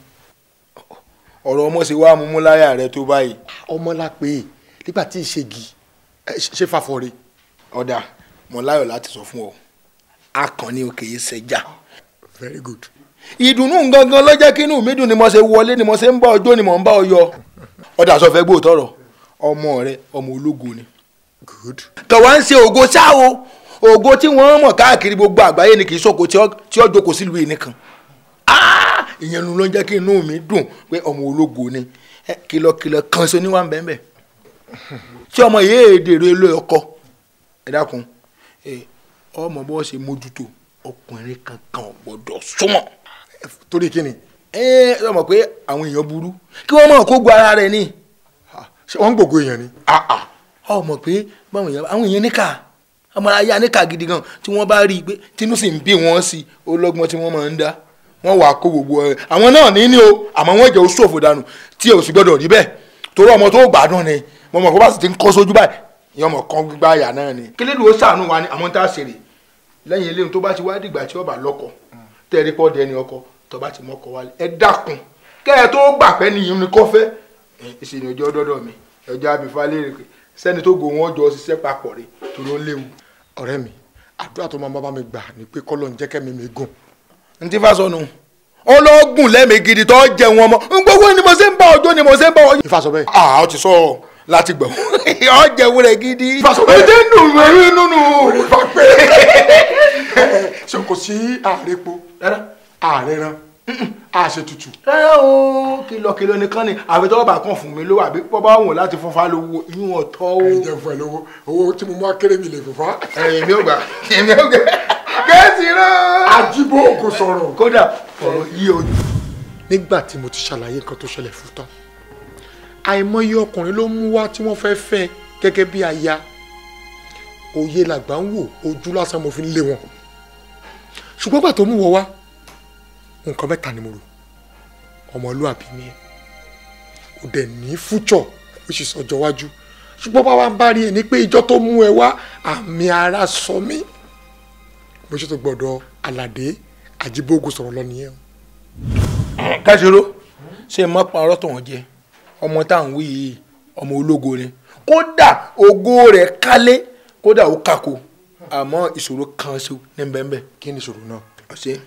ọ̀rọ̀ ọmọ ṣe wá mú láyà rẹ tó báyìí. ọmọ la é nígbà tí ìṣègì ṣe fàfọ̀ rẹ̀. ọ̀dà mọ̀ láti sọ fún ọ akànnì òkè yìí ṣẹjà. very good. ìdùnnú gangan ló jẹ́ kí mi dùn ni mo ṣe wọlé ni mo ṣe ń bá ọjọ́ ni mo ń bá ọ yọ. ọ̀dà sọ fẹ́ gbóòtọ̀ rọ̀ ọmọ rẹ ọmọ ológo ni. tọ̀wọ́ ń ṣe ògo ṣá o ògo tí wọ́n mọ̀ káàkiri gbogbo àgbáyé ni kì í sọ̀kò tí ó jókòó sílùú yìí nìkan ah! ìyẹn ló ń jẹ́ kí inú mi dùn pé ọmọ ológo ni kìlọ̀kìlọ̀ kan sí oníwà bẹ́ẹ̀ tí ọmọ yìí èdè rẹ ló ọkọ ẹ dákun ọmọ bó ṣe mójútó ọkùnrin kankan gbọ́dọ̀ súnmọ́. torí kí ni. ẹ ọmọ pé àwọn èèyàn burú kí wọ́n mọ̀ kó gbọ́ ara rẹ̀ ni ṣé wọ́n ń gbògo èèyàn ni. ọ ah, ah. mọ̀ pé báwọn èèyàn àwọn èèyàn níkà ọmọ ayá níkà gidi gan tí wọ́n bá rí i pé tinú sì ń bí wọn sí i ọlọ́gbọ́n tí wọ́n máa ń dá wọ́n wàá kó gbogbo ẹ̀ eh, àwọn náà ní ní o àmọ́ wọ́n jẹ́ oṣù òfò dànù tí ẹ ò sì gbọ́dọ̀ rí bẹ́ẹ̀ torí ọmọ tó gbádùn ni mo mọ̀ kó bá sì ti ń kọ́ sójú báyìí ìyẹn ọmọ kan gbígbá àyà náà ni. kílódé ó sàánú a ṣe rè lẹ́yìn eléyìí tó bá ti wá dìgbà tí ọba lọ́kọ tẹ́ẹ̀rí pọ́ọ̀dù ẹni ọkọ tó bá ti mọ́kọ wálé ẹ dákun kẹ́ ẹ tó gbà pẹ́ nìyí ni ìṣèlú ọjọ́ dọ́dọ̀ mi ọjọ́ àbífà léèrè pé sẹ́ni tó gò wọ́n jọ ṣiṣẹ́ papọ̀ rẹ̀ tó ló ń léwu. ọ̀rẹ́ mi àdúrà tó máa bá mi gbà ni pé kọ́lọ̀ ń jẹ́kẹ́ mi mi gùn. n ti fásọnù ọlọ́gùn lẹ́mìí gidi tó jẹun ọmọ gbogbo ni mo ṣe ń bá ọjọ́ ni mo ṣe ń bá ọjọ́. ìfàsọ bẹ́ẹ̀. àá ọ ti sọ ọ láti gbọ̀ ọ jẹun rẹ gidi. ìfàsọ bẹ́ẹ̀. ètè nù mẹ́rin nínú ìfàpẹ́. ṣe kò sí ààrẹ po ààrẹ rán àṣetutù. ẹ o kìlọ̀kìlọ̀ nìkan ni àfi tọ́wọ́ bá kàn fún mi lówó àbí bọ́bá wọn láti fún fa lówó inú ọ̀tọ́ o. ẹ jẹ́ fún ẹ lówó owó tí mo mú akéré mi lè fún fa. èmi ò gbà èmi ò gbà kẹ́sì rẹ. àjíbó kò sọ̀rọ̀. kódà ọ̀rọ̀ yí o. nígbà tí mo ti ṣàlàyé nǹkan tó ṣẹlẹ̀ fún tán àìmọye ọkùnrin ló mú wá tí wọ́n fẹ́ fẹ́ gẹ́gẹ́ bí aya òye làgbà ń wò ojú lásán mo fi ń lé wọn ṣùgbọ́n gbà tó mú wọ wá nǹkan mẹ́ta ni mo rò ọmọlúàbí ni ẹ kò dẹ̀ ní future ó sì sọjọ́ wájú ṣùgbọ́n bá wa ń bá rí ẹ ní pé ìjọ tó mú ẹ wá àmì ara sọ mí mo ṣètò gbọ́dọ̀ aládé àjíbógun sọ̀rọ̀ lọ nìyẹn. káṣíró ṣe mọ parọ́ tó wọ́n jẹ ọmọ tá à ń wí yìí ọmọ ológo ni kódà ògo rẹ̀ kálé kódà ó kàkó àmọ́ ìṣòro kan ṣe ní bẹ́ẹ̀ kí ni ìṣòro náà. ọ̀sẹ̀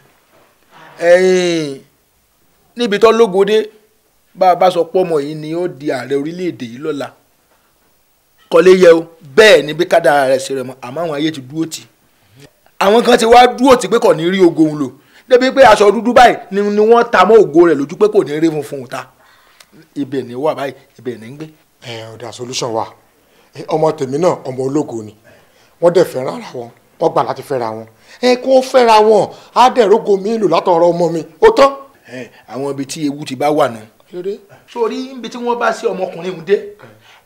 níbi tó lógode bá a bá sọ pé ọmọ yìí ni ó di ààrẹ orílẹ̀-èdè yìí lọ́la kọ́lé yẹ o bẹ́ẹ̀ ni bí kádàrà rẹ̀ ṣe rẹ̀ mọ́ àmọ́ àwọn ayé ti dúró tì àwọn kan ti wá dúró tì pé kò ní rí ogo òun lò débi pé aṣọ dúdú báyìí ni wọ́n ta mọ́ ògo rẹ̀ lójú pé kò ní rí funfun ta ibẹ̀ ni wà báyìí ibẹ̀ ni ń gbé. ẹ ọ̀dà solution wa ọmọ tèmi náà ọmọ ológo ni wọ́n dẹ̀ fẹ́ràn ara wọn wọ́n gbà láti fẹ́ra wọn ẹ kó fẹ́ra wọn á dẹ̀rógo mi lò látọ̀rọ̀ ọmọ mi ó tán. àwọn ibi tí ewu ti bá wà nù. sórí ibi tí wọ́n bá sí ọmọkùnrin mu dé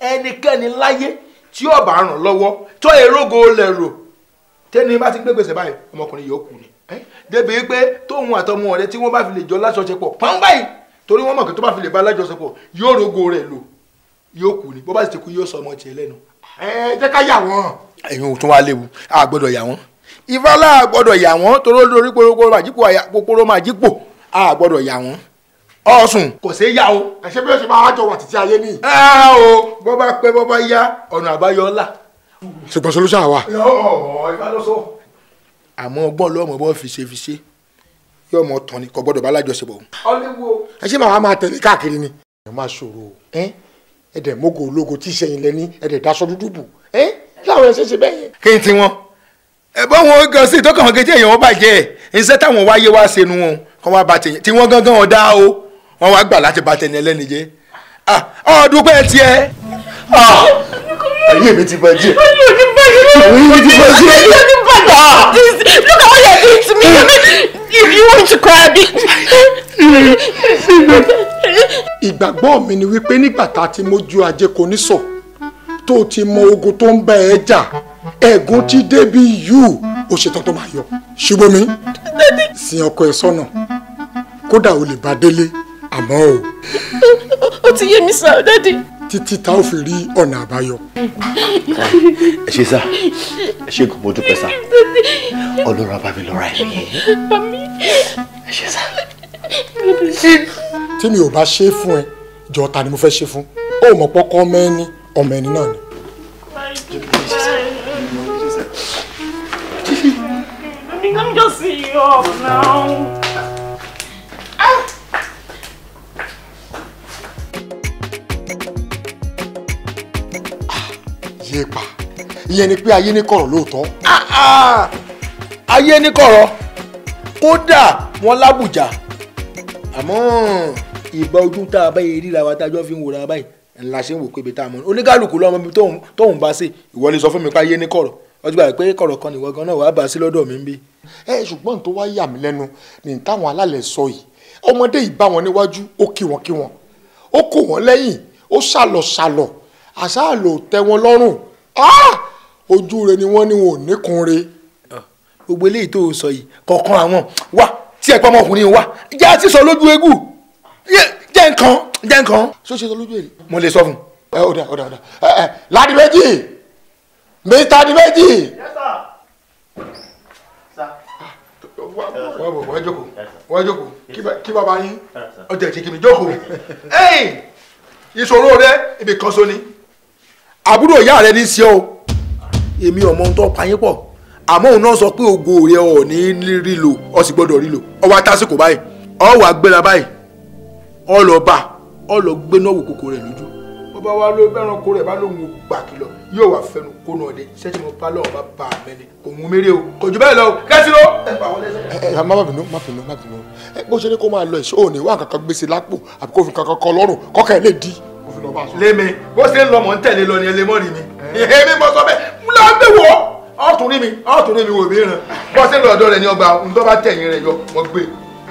ẹnikẹ́ni láyé tí ó bá ràn lọ́wọ́ tó erógo lẹ̀rọ tẹ́ni bá ti gbé gbèsè báyìí ọmọkùnrin yóò kú ni. débi pé tóun àtọmọ rẹ tí wọ́n bá fi lè jọ láṣọṣepọ̀ pọ́n báyìí torí wọ́n mọ̀ pé tó bá fi lè bá lájọṣepọ̀ yóò rogo rẹ̀ lò yóò kú ni bó bá ti kú yóò sọ ọmọ tiẹ̀ lẹ́nu. ẹ jẹ́ ká yà wọ́n ẹ̀yin ò tún wá léwu a gbọ́dọ̀ yà wọ́n ìfàlà gbọ́dọ̀ yà wọ́n toró lórí kórókóró màjípò kókóró màjípò a gbọ́dọ̀ yà wọ́n ọ̀sùn kò ṣeé yà o. ẹ̀ṣẹ́ bí ó ṣe máa jọ wà títí ayé nìyí. ẹ o bọ́ bá pẹ́ bọ́ bá yá ọ̀nà àbáyọ ọ̀la. ṣùgbọ́n solúṣà wà. ọ̀ọ́ ìbálòsọ. àmọ́ ọgbọ́n lọ́mọ bọ́ fi ṣe fi ṣe yóò mọ tán ni kò gbọ́dọ̀ bá lájọṣepọ̀. ọlẹ́wọ́. ẹ ṣe máa máa tẹ̀lé káàkiri ni. ẹ láwọn ẹ̀ṣẹ̀ ṣe bẹ́ẹ̀ yẹn. kí n ti wọn ẹ̀bọ́n wọn gan sí ìtọ́kàn wọn kejì èèyàn wọn bàjẹ́ iṣẹ́ táwọn wáyé wá ṣe nu wọn kọ́ wá ba tẹ̀yìn tí wọ́n gangan wọn dá o wọ́n wá gbà láti ba tẹ̀yìn ẹlẹ́ni jẹ́ ọdún pẹ́ tiẹ̀ ayé mi ti bàjẹ́ ayé mi ti bàjẹ́ ayé mi ti bàjẹ́ look at how you to me If you want to cry me. ìgbàgbọ́ mi ni wípé nígbà tá a ti mójú ajé kò ní sọ tó ti mọ ogun tó ń bá ẹ jà ẹ̀gún ti débi yù ó ṣetán tó máa yọ ṣùgbọ́n sin ọkọ ẹ sọ́nà kódà o lè bá délé àmọ́ o. ó ti yé mi sá dádì. títí tá ò fi rí ọ̀nà àbáyọ. ẹ ṣe sá ẹ ṣe kò mo dúpẹ́ sá ọlọ́run abá lọ́ra ẹ̀mí. ẹ ṣe sá. tí mi ò bá ṣe é fún ẹ jọ ta ni mo fẹ́ ṣe fún ó mọ̀ pọ́kọ́ mẹ́ni ọmọ ẹni náà ni. Come just see you off now. yé pa ìyẹn ni pé ayé ní kọ̀rọ̀ lóòótọ́ ah, ah. ayé ní kọ̀rọ̀ kódà wọn lábùjá àmọ́ ìbá ojú tá a bá yẹ ríra wa tá a jọ fi ń wòra báyìí ńlá ṣe ń wò pé ibi tá a mọ oníkálukú lọ́mọ ibi tóun bá sí ìwọlé sọ fún mi pa yé ní kọ̀rọ̀ ọjọ́ gbà pé kọ̀rọ̀ kan nìwọ gan náà wàá bá sí lọ́dọ̀ mi ń bí. ẹ ṣùgbọ́n tó wá yà mí lẹ́nu ní táwọn alálẹ̀ sọ yìí ọmọdé yìí bá wọn níwájú ó kí wọn kí wọn ó kó wọn lẹ́yìn ó ṣàlọ̀ ṣàlọ̀ àṣàlò tẹ wọn lọ́rùn ojú rẹ ni wọ́n ní wọn ò níkun re. Ah, gbogbo eléyìí tó o sọ yìí kọ̀ọ̀kan àwọn wà tí ẹ̀ pọ́nmọ́kùnrin wà jẹ́ àtisọ lójú eégún jẹ́ nǹkan jẹ́ nǹkan ṣó ṣe tọ́lú bèrè mo lè sọ fún ẹ ọ̀dà ọ̀dà ọ̀dà ẹ ẹ ládi méjì mẹ́ta di méjì. wọ́n jókòó wọ́n jókòó kí bàbá yín ọjà ìṣèkìmí jókòó ìṣòro rẹ ibi kan so ni àbúrò ìyá rẹ ní sí ọ èmi ọmọ ohun tó pa yín pọ̀ àmọ́ òun náà sọ pé ògo rẹ ò ní rí lò ọ sì gbọ́dọ̀ rí lò ọ wá tásìkò báyìí ọ wà gbéra báyìí ọ lọ bá a ọlọ gbéná wò kókó rẹ lójú bàbá wa ló bẹ́ràn kó rẹ̀ bá lóun gbà kìlọ̀ yóò wà fẹnu kó nù ọdẹ sẹ́tì mo bá lọ́wọ́ bá bá a mẹ́ni kò mú méré o kò jù bẹ́ẹ̀ lọ kẹ́sì ló. ẹ ẹ má bínú má bínú má bínú ẹ bó ṣe ní kó máa lọ ìṣó òní wà kankan gbèsè lápò àbí kó fi kankan kọ lọ́rùn kọ́kẹ́ ẹ lè di. lémi bó ṣe ń lọ mọ̀ ń tẹ̀lé lọ ni ẹ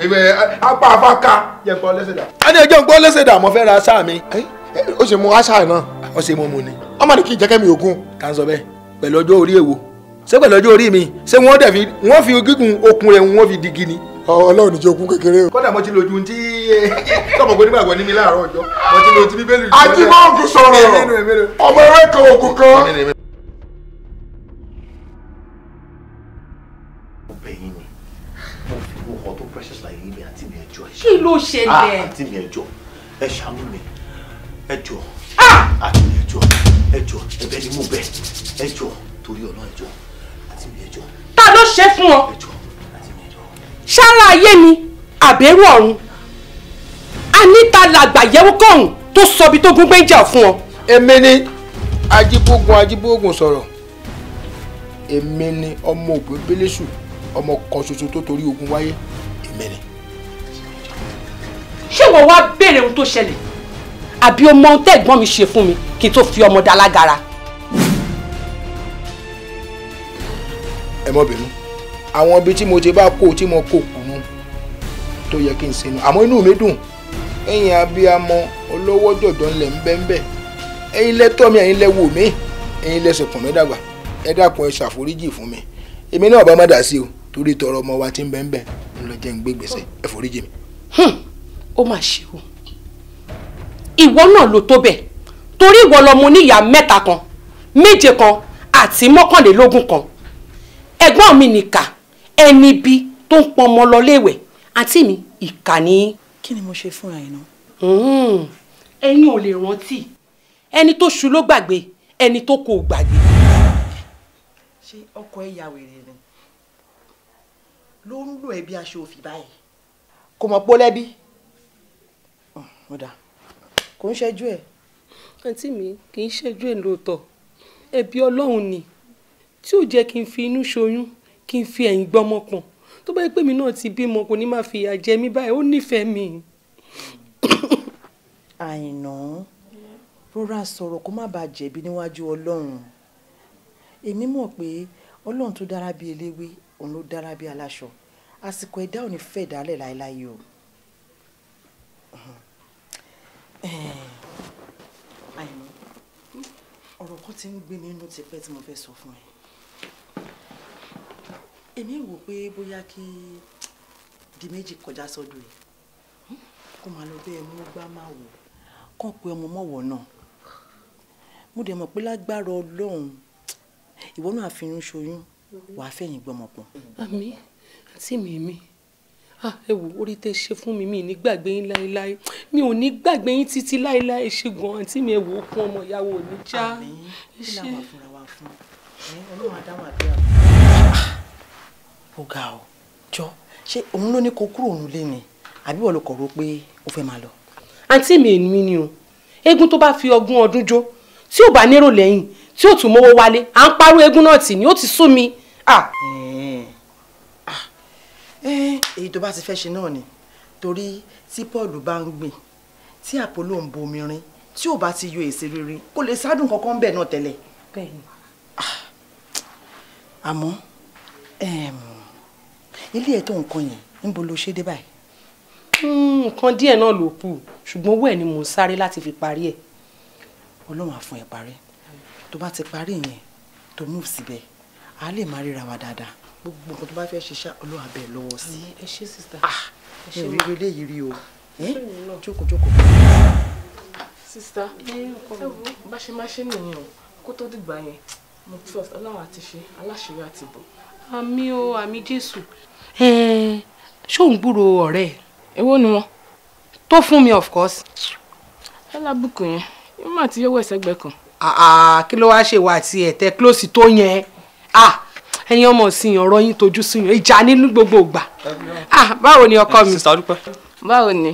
ìwẹ̀ apá afáká jẹ́ nǹkan lẹ́sẹ̀ dà. a ní ẹjọ́ nǹkan lẹ́sẹ̀ dà mo fẹ́ ra aṣá mi. ó sì mú aṣá náà ó sì mú mu ni. ọmọ ní kí n jẹ́ kẹ́mi ògún. ká n sọ bẹ́ẹ̀ pẹ̀lú ọjọ́ orí èwo ṣé pẹ̀lú ọjọ́ orí mi ṣé wọ́n dẹ̀ fi wọ́n fi gígùn okùn rẹ̀ wọ́n fi digi ni. ọlọ́run ìjọ okùn kékeré o. kódà mo ti lójú tí tọmọ kò nígbàgbọ́ ní mi láàárọ̀ ọjọ́ mo ti lójú bíbélì. ajímọ̀ọ́gùn sọ̀rọ̀ ọmọ ewé kan ògùn kan. kí ló ṣẹlẹ̀. àti ah, mi ẹjọ ẹ ṣàánú mi ẹjọ àti ah! mi ẹjọ ẹjọ ẹ̀bẹ̀ ni mo bẹ̀ ẹjọ torí ọ̀nà ẹjọ àti mi ẹjọ. ta ló ṣe fún ọ ṣára ayé ni àbẹ̀rù ọ̀run anita làgbà yẹwò kọ́hún tó sọbi tó gún gbẹ́jà fún ọ. èmi ni ajíbógun ajíbógun sọ̀rọ̀ èmi ni ọmọ ògùn bẹ́lẹ́sù ọmọ kan ṣoṣo tó torí ogun wáyé èmi ni ìwọ wá béèrè ohun tó ṣẹlẹ̀ àbí o mọ ohun tẹ́gbọ́n mi ṣe fún mi kí n tó fi ọmọ dá lágara. ẹ mọ bínú àwọn ibi tí mo ti bá kó tí mo kó kùnú tó yẹ kí n sinú àmọ́ inú mi dùn ẹ̀yin abiyamọ olówó jọjọ ńlẹ̀ ń bẹ́ ń bẹ́ ẹ̀yin lẹ́tọ́ mi ẹ̀yin lẹ́wọ́ mi ẹ̀yin lẹ́sẹ̀ kùn mí dàgbà ẹ dákun ẹ ṣàforíjì fún mi èmi náà bá má dà sí o torí tọrọ ọmọ wa ti ń bẹ́ ń bẹ́ ń lọ jẹ́ ń gbé gbèsè ẹ foríjì mi. Hmm ó mà ṣe o ìwọ náà ló tó bẹ́ẹ̀ torí ìwọ lọmọ oníyà mẹ́ta kan méje kan àti mọ́kànlélógún kan ẹ̀gbọ́n mi nìkà ẹni bí tó ń pọn ọmọ lọ léèwẹ̀ àǹtí mi ìkà ni. kí ni mo ṣe fúnra ẹ̀ náà. Hmm, ẹ̀yin ò lè rántí ẹni tó ṣu ló gbàgbé ẹni tó kò gbàgbé. ṣé ọkọ ẹ ya wèrè ni ló ń lò ẹ aṣọ òfì báyìí. kò mọ̀ pólẹ́bí ọ̀dà kò ń ṣẹ́jú ẹ̀. àǹtí mi kì í ṣẹ́jú ẹ̀ lóòótọ́ ẹ̀bi ọlọ́run ni tí ò jẹ́ kí n fi inú ṣoyún kí n fi ẹ̀yìn gbọ́mọ pọ̀n tó bá yẹ pé mi náà ti bímọ kò ní máa fi ìyà jẹ mí báyìí ó nífẹ̀ẹ́ mi. àìná rọra sọ̀rọ̀ kó má bàa jẹ̀bi níwájú ọlọ́run èmi mọ̀ pé ọlọ́run tó dára bíi eléwé òun ló dára bíi aláṣọ àsìkò ẹ̀dá ò ní fẹ́ dálẹ̀ láéláé o. Eh. àìmọ ọ̀rọ̀ kan ti ń gbé mi nínú tipẹ́ tí mo fẹ́ sọ fún ẹ èmi wò pé bóyá kí di méjì kọjá sọ́dọ̀ ẹ kó máa lọ bẹ́ẹ̀ mú gbá máa wò kàn pé ọmọ mọ̀wọ̀ náà mo dẹ̀ mọ̀ pé lágbára ọlọ́run ìwọ náà àfihàn ṣoyún wàá fẹ̀yìn gbọmọ pọ̀. àmì àti mi mi. Ah, ẹ wò orí tẹ ṣe fún mi mi ní gbàgbé yín láéláé mi ò ní gbàgbé yín títí láéláé ṣe àǹtí mi ẹ wò ó kún ọmọ ìyàwó mi já. àmì ah, o jọ ṣé òun ló ní kó kúrò òun lé ni àbí wọ́n ló kọ̀ ro pé ó fẹ́ máa lọ. àǹtí mi èmi ni o eégún tó bá fi ọgbọ́n ọdún jó tí ò bá nérò lẹ́yìn tí ò tún mówó wálé à ń parú eégún náà tì ní ó ti sú mi. Ah. ẹ ẹ èyí tó bá ti fẹ́ ṣe náà ni torí tí Paul bá ń gbìn tí Apollo ń bomi rin tí ò bá ti yọ èsì rere kò lè sádùn kankan bẹ́ẹ̀ náà tẹ́lẹ̀. bẹ́ẹ̀ni. Ah. àmọ́ ilé ẹ̀ tó nǹkan yẹn níbo ló ṣe dé báyìí. Hmm, nǹkan díẹ̀ náà ló kù ṣùgbọ́n owó ẹ̀ ni mò ń sáré láti fi parí ẹ̀. ọlọ́run á fún ẹ parí tó bá ti parí yẹn tó move síbẹ̀ a lè má ríra wa dáadáa gbogbo nǹkan tó bá fẹ́ ṣe ṣá olóhà bẹ̀ lọ́wọ́ sí i. ẹ ṣe sista. ah mi ò rí rí eléyìí rí o jókòó jókòó. sista bá ṣe máa ṣe nìyẹn o kó tó dìgbà yẹn mo trust ọlọ́run àti ṣe aláṣírí àti bọ̀. àmì o àmì jésù. ṣé òun gbúrò ọ̀rẹ́ ẹ̀. èwo ni wọn. tó fún mi of course. ẹ lábùkù yẹn ìmọ̀ àti yọwọ́ ẹ̀sẹ̀ gbẹ kan. Ah, ah, kí ló wáá ṣe wà tí ẹ̀ tẹ́ close tó yẹn. ah ẹ̀yin ọmọ sí yàn ọ̀rọ̀ yín tojú sí yàn ìjà nínú gbogbo ìgbà ah báwo ni ọkọ mi. sista dúpẹ́. báwo ni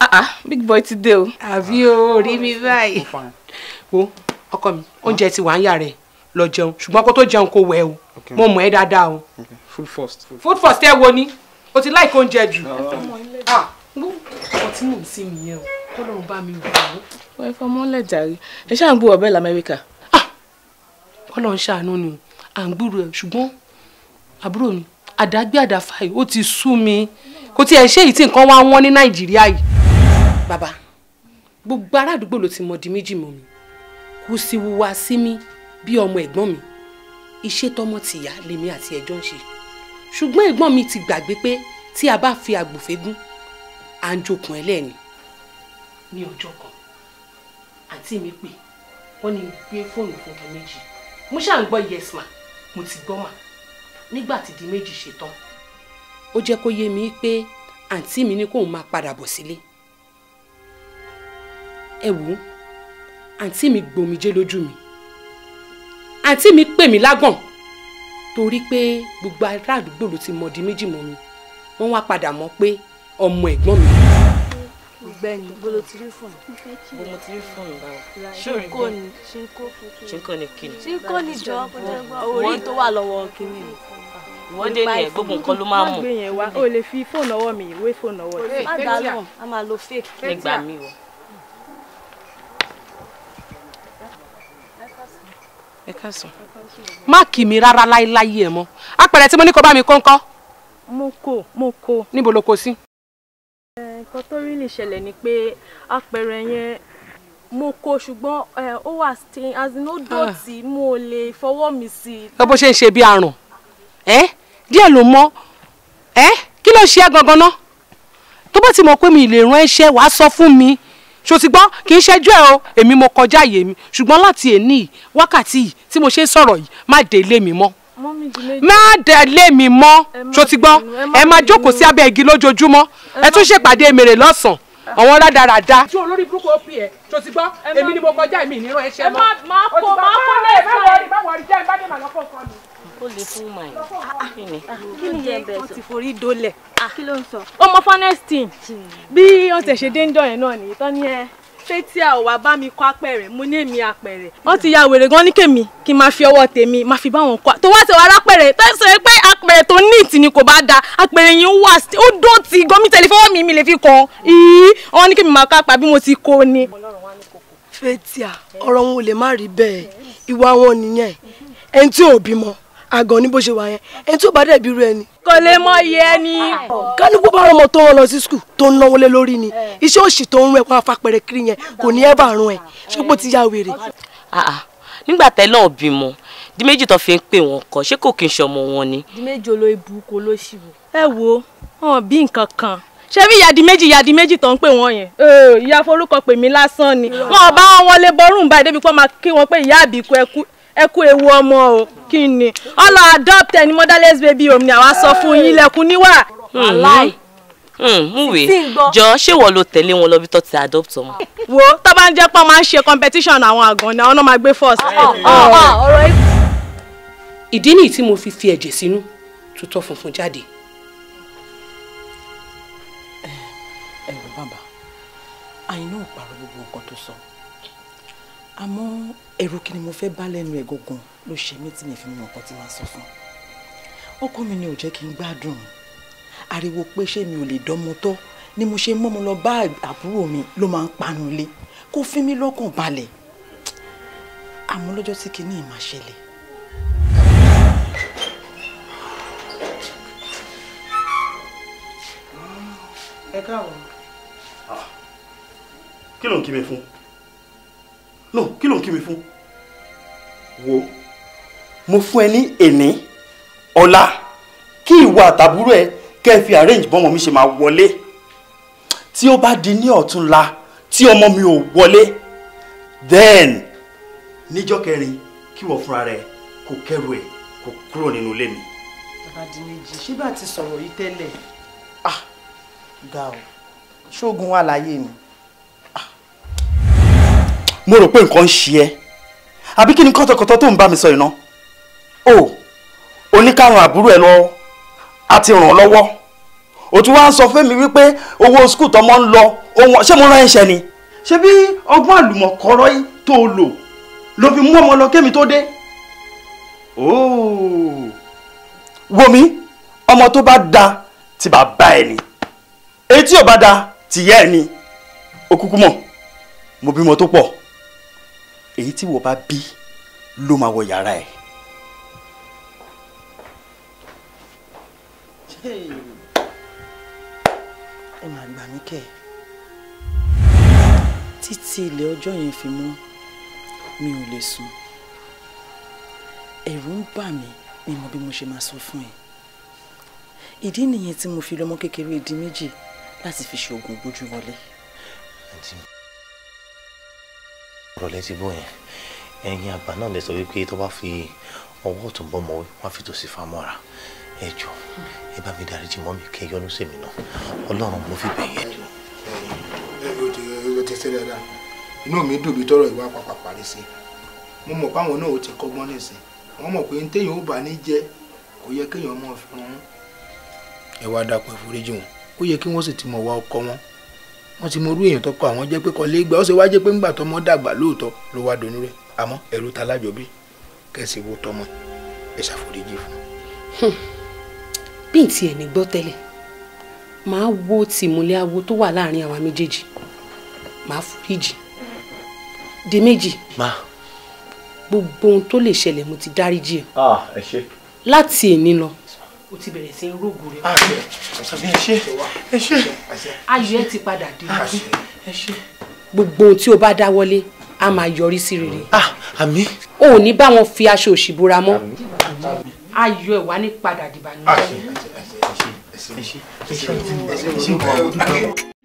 ah, ah, big boy ti dé o. àbí o rí mi báyìí. wo ọkọ mi oúnjẹ ti wà ń yà rẹ lọ jẹun ṣùgbọ́n kó tó jẹun kó wẹ̀ o mo mọ̀ ẹ́ dáadáa o. food first. food first ẹ wo ni o ti láì kó oúnjẹ jù. ọtí ah, mò ń sí mi yẹn o kó lóun bá mi wò ó. wọ́n ẹ fọmọ́ lẹ̀ jàre ẹ ṣáà ń gbọ́ ọ̀bẹ́ lamẹ́ríkà. kọ́ ló ń ṣàánú ni o à ń gbúrò ẹ̀ ṣùgbọ́n àbúrò mi àdágbé àdáfà ó ti sú mi kò tiẹ̀ ṣe èyí tí nǹkan wá wọ́n ní nàìjíríà yìí. bàbá gbogbo ará ló ti mọ di méjì mọ́ mi kò sì wùwà sí mi bí ọmọ ẹ̀gbọ́n mi iṣẹ́ tọmọ tìyá lèmi àti ẹjọ́ ń ṣe ṣùgbọ́n ẹ̀gbọ́n mi ti gbàgbé pé tí a bá fi àgbòfégún à ń jokùn ẹlẹ́ni ní ọjọ́ kan àǹtí mi pè wọ́n ní gbé fóònù fún mi méjì mo ṣáà ń yes ma mo ti gbọ́ mà nígbà tí di méjì ṣetán ó jẹ́ kó yé mi pé àǹtí mi ní kóun máa padà bọ̀ sílé ẹ wò ó àǹtí mi gbòmijé lójú mi àǹtí mi pè mí lágàn torí pé gbogbo ará àdúgbò ti mọ̀ di méjì mọ́ mi wọ́n wá padà mọ̀ pé ọmọ ẹ̀gbọ́n mi gbẹ̀yìn bó ló ti rí fún mi. bó mo ti rí fún mi báwo. ṣínkó ni ṣínkó. ṣínkó ni kí ni. ṣínkó ni jọ orí tó wà lọ́wọ́ kínní ni. ìwọ́dé ni ẹ̀ gbogbo nǹkan ló máa mọ̀. má gbé yẹn wá o lè fi fóònù ọwọ́ mi ìwé fóònù ọwọ́ rẹ̀. má dà lọ a máa lo fake. nígbà mi wọ. ẹ káàsán. má kì mí rárá láéláé ẹ mọ apẹ̀rẹ̀ tí mo ní kó bá mi kó ńkọ́. mo kò mo kò. níbo lo kó sí nǹkan tó rí lè ṣẹlẹ̀ ni pé apẹ̀rẹ̀ yẹn mo kó ṣùgbọ́n ó wà stain as in ó dọ̀tí ah. mo lè fọwọ́ mi sí i. lọ bó ṣe ń ṣe bí àrùn ẹ díẹ̀ ló mọ̀ ẹ kí ló ṣe é gangan náà tó bá ti mọ̀ pé mi lè rán ẹṣẹ́ wàá sọ fún mi ṣó kì í ṣẹ́jú ẹ̀ o èmi mo kọjá àyè mi ṣùgbọ́n láti èní wákàtí yìí tí mo ṣe ń sọ̀rọ̀ yìí má délé mi mọ́ má dẹ̀lé mi mọ́ ṣó ti gbọ́ ẹ máa jókòó sí abẹ́ igi lójoojúmọ́ ẹ tún ṣèpàdé èmèrè lọ́sàn-án àwọn rádaràda. tí olórí burúkú ó pè tó ti gbọ́ èmi ni mo kọjá èmi ìníran ẹ ṣe mọ́. ẹ má kó má kó lè fún ẹ. báwo ni jẹ́ ìbádé màá lọ́kọ̀ kan mi. ó lè fún mà yín. kí ni yẹn ah, bẹ̀rẹ̀ tó ti forí dolẹ̀. Ah, kí ló ń sọ. ọmọ fọ́nẹ́sítìn bí wọ́n ṣe dé ń dọ̀ yẹn náà nìyí tán ni ẹ pé tí a ò wá bá mi kọ́ apẹ̀rẹ̀ mo ní èmi apẹ̀rẹ̀. wọ́n ti ya wèrè gan ní kèmí kí n máa fi ọwọ́ tèmi máa fi bá wọn kọ́ tó wá ti wá rápẹ̀rẹ̀ tó ṣe pé apẹ̀rẹ̀ tó ní ìtìní kò bá da apẹ̀rẹ̀ yìí ń wà ó dọ̀tí gan mi tẹ̀lé fọwọ́ mi mi lè fi kàn yìí wọ́n ní kèmí máa kápá bí mo ti kọ́ ni. Fathia ọ̀rọ̀ wọn ò lè má rí bẹ́ẹ̀ ìwà wọn nìyẹn ẹni tí ò bímọ àgàn ní bó ṣe wà yẹn ẹni tí bá dẹ̀ bí irú ẹni. kò lè mọ iye ẹni. kánú kó bá ọmọ tó wọn lọ sí skul tó ń náwó lé lórí ni eh. iṣẹ́ òṣì tó ń rún ẹ̀ wọ́n afapẹ̀rẹ̀ kiri yẹn kò ní ẹ̀bà rún ẹ̀ ṣé bó ti ya wèrè. Ah, ah. nígbà tẹ́lẹ̀ ò bímọ di méjì tó fi ń pè wọn kọ ṣé kò kí n ṣọmọ wọn ni. di méjì olóìbù kò lóṣìwò. ẹ wo wọn bí nǹkan kan ṣé bí ìyá di méjì ìyá di méjì tó ń pè wọ́n yẹn ìyá forúkọ pè mí lásán ni wọn ò bá wọn wọlé bọ́rùn báyìí débi pé wọn máa kí wọn pé ìyá àbíkú ẹ kú ẹ kú ewu ọmọ o kí ni ọlọ adopt ẹni motherless baby home ni àwa sọ fún yín lẹkùn níwà. aláì nwe jọ ṣé wọ́n lo tẹ̀lé wọn lọ́bí tó ti adopt ọmọ. wo tó bá ń jẹ́ pọ́n máa ń ṣe competition àwọn àgàn ni àwọn náà máa gbé first. Ah, ah, ah, hmm. ìdí nìyí tí mo fi fi ẹ̀jẹ̀ sínú tó tọ́ funfun jáde. ẹ̀rọ eh, eh, bàbá àìná ò pàrọ̀ gbogbo nǹkan tó sọ àmọ́ ẹ̀rù kí ni mo fẹ́ bá lẹ́nu ẹ̀ gangan ló ṣe mí tí mi fi mọ ọkọ tí wàá sọ fún ọkọ mi ni ò jẹ́ kí n gbádùn ariwo pé ṣé mi ò lè dánmọ tọ́ ni mo ṣe mọ́ mo lọ bá àbúrò mi ló máa ń panu lé kó fi mí lọ́kàn balẹ̀ àmọ́ lọ́jọ́ tí kinní ì máa ṣẹlẹ̀ ẹ káàbọ̀. Ah, kí ló ń kí mi fún no kí ló ń kí mi fún wo mo fún ẹ ní èní ọ̀la kí ìwà àtàbúrò ẹ kẹ́ ẹ fi arrange bọ́mọ mi ṣe máa wọlé tí ó bá di ní ọ̀túnla tí ọmọ mi ò wọlé then níjọ́ kẹrin kí wọ́n fúnra rẹ kó kẹ́rù ẹ̀ kó kúrò nínú ilé mi. bàbá di méjì ṣé bá ti sọ̀rọ̀ yìí tẹ́lẹ̀ ah ga o ṣóògùn wà láyé ni mo rò pé nǹkan ń ṣe ẹ́ àbí kí ni kọ́tọ̀kọ́tọ̀ tó ń bá mi sọ ìná o oníkàrún àbúrò ẹ lọ àti ràn lọ́wọ́ o tún wá ń sọ fẹ́mi wípé owó skul tọmọ ń lọ ohun ṣé mo rán ẹ̀ṣẹ̀ ni ṣé bí ọgbọ́n àlùmọ̀kọ́rọ́ tó lò ló fi mú ọmọ lọ kémi tó dé wo mi ọmọ tó bá da ti bàbá ẹ ni èyí tí ò bá da ti yẹ ẹ ni òkùnkùn mọ̀ mo bímọ tó pọ̀ èyí tí wọ́n bá bí ló máa wọ yàrá ẹ̀. ẹ máa gbà mí kẹ́ ẹ̀ títí ilẹ̀ ọjọ́ yẹn fi mọ́ mi ò lè sùn ẹ̀rù ń bà mí ni mo bí mo ṣe máa sọ fún ẹ ìdí nìyẹn tí mo fi lọ́mọ kékeré di méjì láti fi ṣe oògùn wọlé. àǹtí mi ọ̀rọ̀ lẹ́tí bó yẹn ẹ̀yin àgbà náà lè sọ wípé tó bá fi ọwọ́ ọ̀tún bọ́ mọ́wé wọ́n á fi tòsí fa mọ́ra ẹ jọ̀ọ́ ẹ bá mi dáríjì mọ́ mi kẹ́ yọnu sèmi náà ọlọ́run mo fi bẹ̀yẹ. ẹ ti ṣe dáadáa inú mi dùn bí tọrọ ìwà pàpà parí sí mo mọ̀ páwọn náà ó ti kọ́gbọ́n nísìn wọ́n mọ̀ pé ní téèyàn ó bá ní jẹ́ kò yẹ kéèyàn mọ̀ fi rún. ẹ wá dákun ìforíjì wọn ó yẹ kí wọ́n sì ti mọ̀ wá ọkọ wọn wọ́n ti mọ orú èèyàn tó kọ àwọn jẹ́ pé kọ́ lé gbà ó ṣe wá jẹ́ pé ńgbà tọmọ dàgbà lóòótọ́ ló wá donú rẹ̀ àmọ́ ẹ̀rù ta lájọbí kẹ́sì wo tọmọ ẹ̀ ṣàforíjì fún. Hmm. bí n tiẹ̀ ní gbọ́ tẹ́lẹ̀ màá wo tìmùlẹ̀ awo tó wà láàrin àwa méjèèjì màá foríjì di méjì. máa gbogbo ohun tó lè ṣẹlẹ̀ mo ti dáríjì ẹ̀. Ah, ẹ ṣé. láti èní lọ o ti bẹ̀rẹ̀ sí rògùn rẹ. àṣẹ àṣẹ ẹ ṣe ẹ ṣe. ayọ̀ ẹ ti padà dé. àṣẹ gbogbo ohun tí o bá dáwọ́lé a máa yọrí sí rere. ah àmín. o ò ní bá wọn fi aṣọ òṣì bora mọ́. ẹ wà ní padà dìbànú. àṣẹ àṣẹ ẹ ṣe ẹ ṣe ẹ ṣe ẹ ṣe ẹ ṣe.